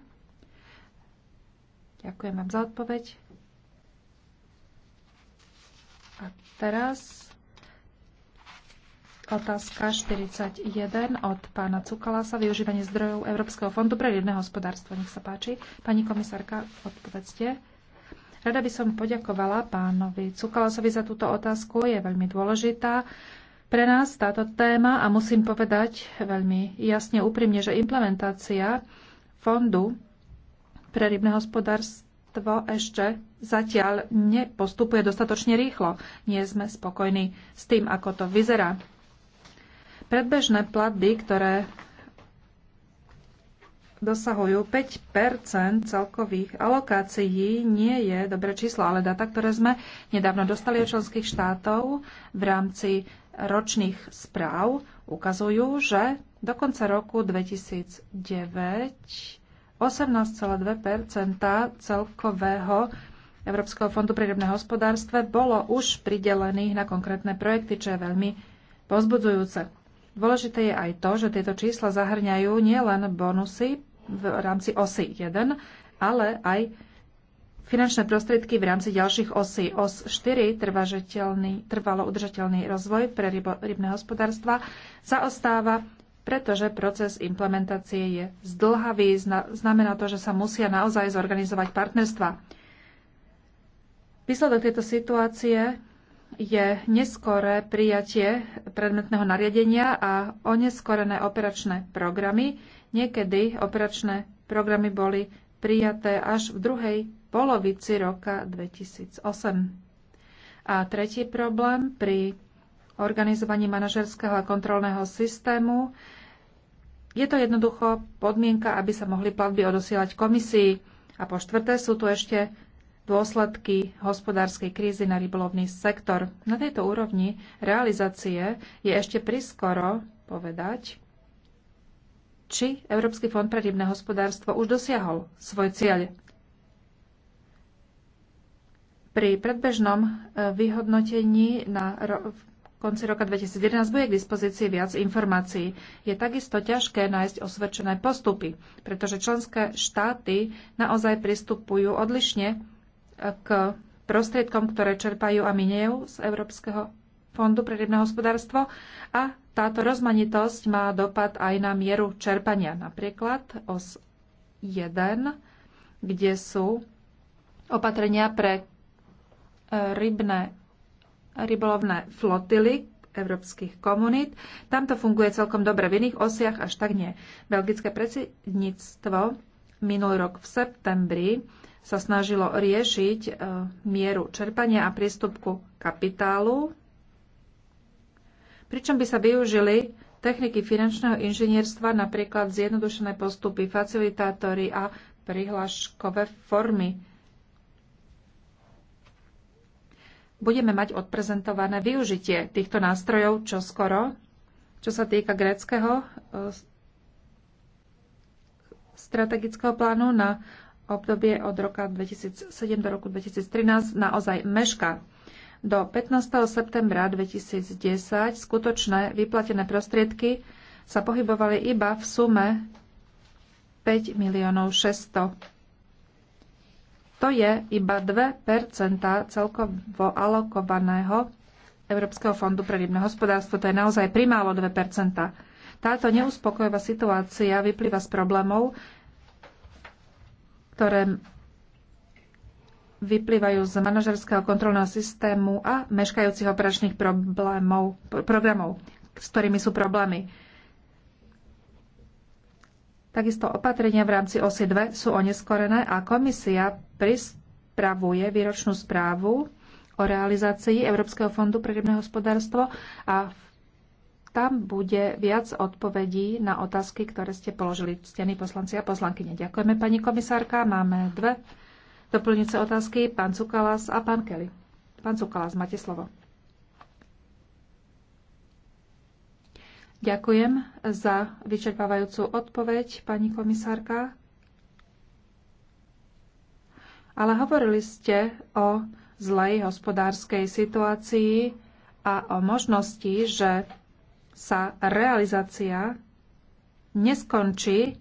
S3: Ďakujem vám za odpoveď. teraz otázka 41 od pána Cukalasa. Využívanie zdrojov Európskeho fondu pre riedne hospodárstvo. Nech sa páči. Pani komisárka, odpovedzte. Rada by som poďakovala pánovi Cukalasovi za túto otázku. Je veľmi dôležitá pre nás táto téma a musím povedať veľmi jasne, úprimne, že implementácia fondu pre rybné hospodárstvo Predsedníctvo ešte zatiaľ nepostupuje dostatočne rýchlo. Nie sme spokojní s tým, ako to vyzerá. Predbežné platby, ktoré dosahujú 5 celkových alokácií, nie je dobré číslo, ale data, ktoré sme nedávno dostali od členských štátov v rámci ročných správ, ukazujú, že do konca roku 2009 18,2 celkového Európskeho fondu prírodného hospodárstve bolo už pridelených na konkrétne projekty, čo je veľmi pozbudzujúce. Dôležité je aj to, že tieto čísla zahrňajú nielen bonusy v rámci osy 1, ale aj finančné prostriedky v rámci ďalších osí. Os 4, trvalo udržateľný rozvoj pre rybné hospodárstva, zaostáva pretože proces implementácie je zdlhavý, znamená to, že sa musia naozaj zorganizovať partnerstva. Výsledok tejto situácie je neskoré prijatie predmetného nariadenia a oneskorené operačné programy. Niekedy operačné programy boli prijaté až v druhej polovici roka 2008. A tretí problém pri organizovaní manažerského a kontrolného systému. Je to jednoducho podmienka, aby sa mohli platby odosielať komisii. A po štvrté sú tu ešte dôsledky hospodárskej krízy na rybolovný sektor. Na tejto úrovni realizácie je ešte priskoro povedať, či Európsky fond pre rybné hospodárstvo už dosiahol svoj cieľ. Pri predbežnom eh, vyhodnotení na, v konci roka 2011 bude k dispozícii viac informácií. Je takisto ťažké nájsť osvedčené postupy, pretože členské štáty naozaj pristupujú odlišne e, k prostriedkom, ktoré čerpajú a minejú z Európskeho fondu pre rybné hospodárstvo a táto rozmanitosť má dopad aj na mieru čerpania. Napríklad OS 1, kde sú opatrenia pre e, rybné rybolovné flotily európskych komunít. Tam to funguje celkom dobre, v iných osiach až tak nie. Belgické predsedníctvo minulý rok v septembri sa snažilo riešiť e, mieru čerpania a prístup ku kapitálu, pričom by sa využili techniky finančného inžinierstva, napríklad zjednodušené postupy, facilitátory a prihláškové formy budeme mať odprezentované využitie týchto nástrojov čo skoro, čo sa týka gréckého e, strategického plánu na obdobie od roka 2007 do roku 2013 naozaj meška. Do 15. septembra 2010 skutočné vyplatené prostriedky sa pohybovali iba v sume 5 miliónov 600 to je iba 2 celkovo alokovaného Európskeho fondu pre rybné hospodárstvo. To je naozaj primálo 2 Táto neuspokojivá situácia vyplýva z problémov, ktoré vyplývajú z manažerského kontrolného systému a meškajúcich operačných problémov, programov, s ktorými sú problémy. Takisto opatrenia v rámci osy 2 sú oneskorené a komisia pripravuje výročnú správu o realizácii Európskeho fondu pre rybné hospodárstvo a tam bude viac odpovedí na otázky, ktoré ste položili, ctení poslanci a poslankyne. Ďakujeme, pani komisárka. Máme dve doplňujúce otázky, pán Cukalas a pán Kelly. Pán Cukalas, máte slovo. Ďakujem za vyčerpávajúcu odpoveď, pani komisárka. Ale hovorili ste o zlej hospodárskej situácii a o možnosti, že sa realizácia neskončí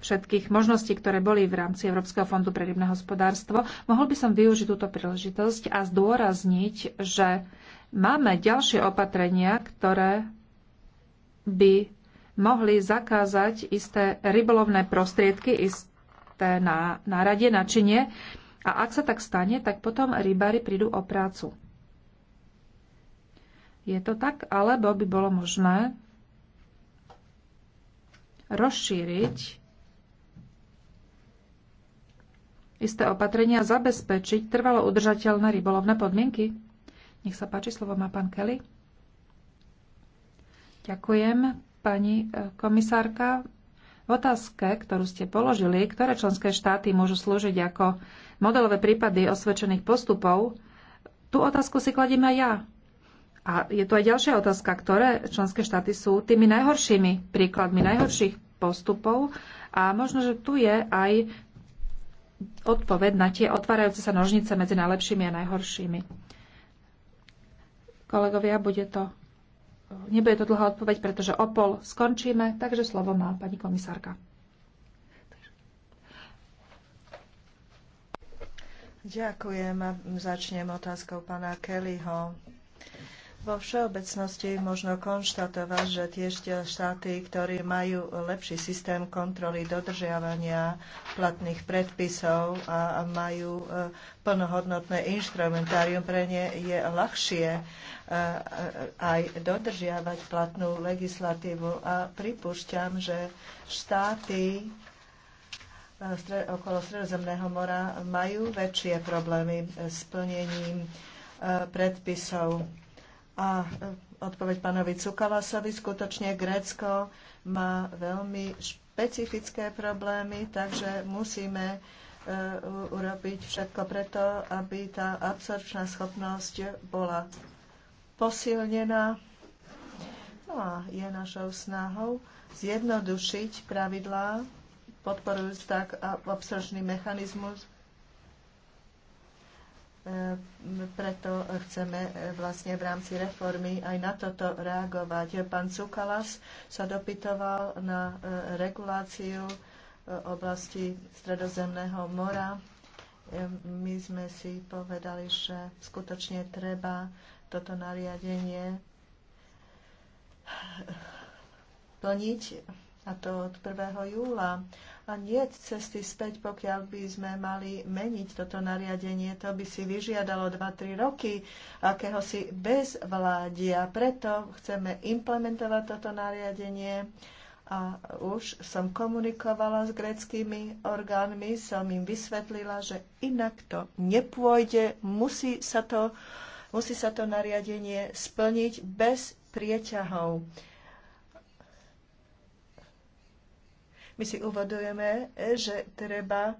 S3: všetkých možností, ktoré boli v rámci Európskeho fondu pre rybné hospodárstvo, mohol by som využiť túto príležitosť a zdôrazniť, že máme ďalšie opatrenia, ktoré by mohli zakázať isté rybolovné prostriedky, isté na, nárade, na Čine A ak sa tak stane, tak potom rybári prídu o prácu. Je to tak, alebo by bolo možné rozšíriť isté opatrenia zabezpečiť trvalo udržateľné rybolovné podmienky? Nech sa páči, slovo má pán Kelly. Ďakujem, pani e, komisárka. V otázke, ktorú ste položili, ktoré členské štáty môžu slúžiť ako modelové prípady osvedčených postupov, tú otázku si kladím aj ja. A je tu aj ďalšia otázka, ktoré členské štáty sú tými najhoršími príkladmi najhorších postupov. A možno, že tu je aj odpoved na tie otvárajúce sa nožnice medzi najlepšími a najhoršími. Kolegovia, bude to, nebude to dlhá odpoveď, pretože o pol skončíme, takže slovo má pani komisárka.
S1: Ďakujem. Začnem otázkou pána Kellyho. Vo všeobecnosti možno konštatovať, že tie štáty, ktorí majú lepší systém kontroly dodržiavania platných predpisov a majú e, plnohodnotné inštrumentárium, pre ne je ľahšie e, e, aj dodržiavať platnú legislatívu. A pripúšťam, že štáty okolo Stredozemného mora majú väčšie problémy s plnením predpisov a e, odpoveď pánovi cukavasovi. skutočne Grécko má veľmi špecifické problémy, takže musíme e, urobiť všetko preto, aby tá absorpčná schopnosť bola posilnená. No a je našou snahou zjednodušiť pravidlá, podporujúc tak absorpčný mechanizmus E, preto chceme e, vlastne v rámci reformy aj na toto reagovať. Pán Cukalas sa dopytoval na e, reguláciu oblasti Stredozemného mora. My sme si povedali, že skutočne treba toto nariadenie plniť a to od 1. júla. A nie cesty späť, pokiaľ by sme mali meniť toto nariadenie. To by si vyžiadalo 2-3 roky akéhosi bezvládia. Preto chceme implementovať toto nariadenie a už som komunikovala s greckými orgánmi, som im vysvetlila, že inak to nepôjde, musí sa to, musí sa to nariadenie splniť bez prieťahov. My si uvedujeme, že treba,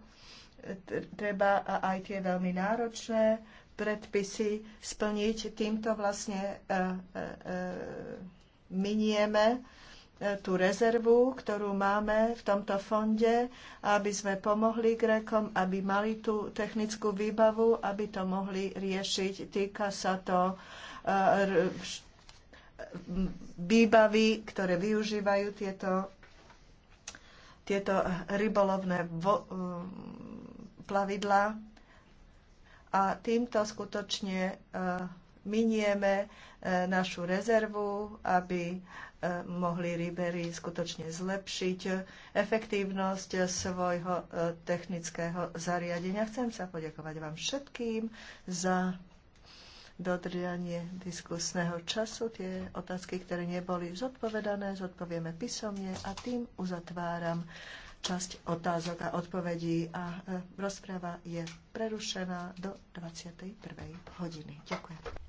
S1: treba aj tie veľmi náročné predpisy splniť. Týmto vlastne e, e, e, minieme tú rezervu, ktorú máme v tomto fonde, aby sme pomohli Grékom, aby mali tú technickú výbavu, aby to mohli riešiť. Týka sa to výbavy, ktoré využívajú tieto tieto rybolovné vo, eh, plavidla a týmto skutočne eh, minieme eh, našu rezervu, aby mohli ryberi skutočne zlepšiť efektívnosť svojho technického zariadenia. Chcem sa poďakovať vám všetkým za dodržanie diskusného času. Tie otázky, ktoré neboli zodpovedané, zodpovieme písomne a tým uzatváram časť otázok a odpovedí a e, rozpráva je prerušená do 21. hodiny. Ďakujem.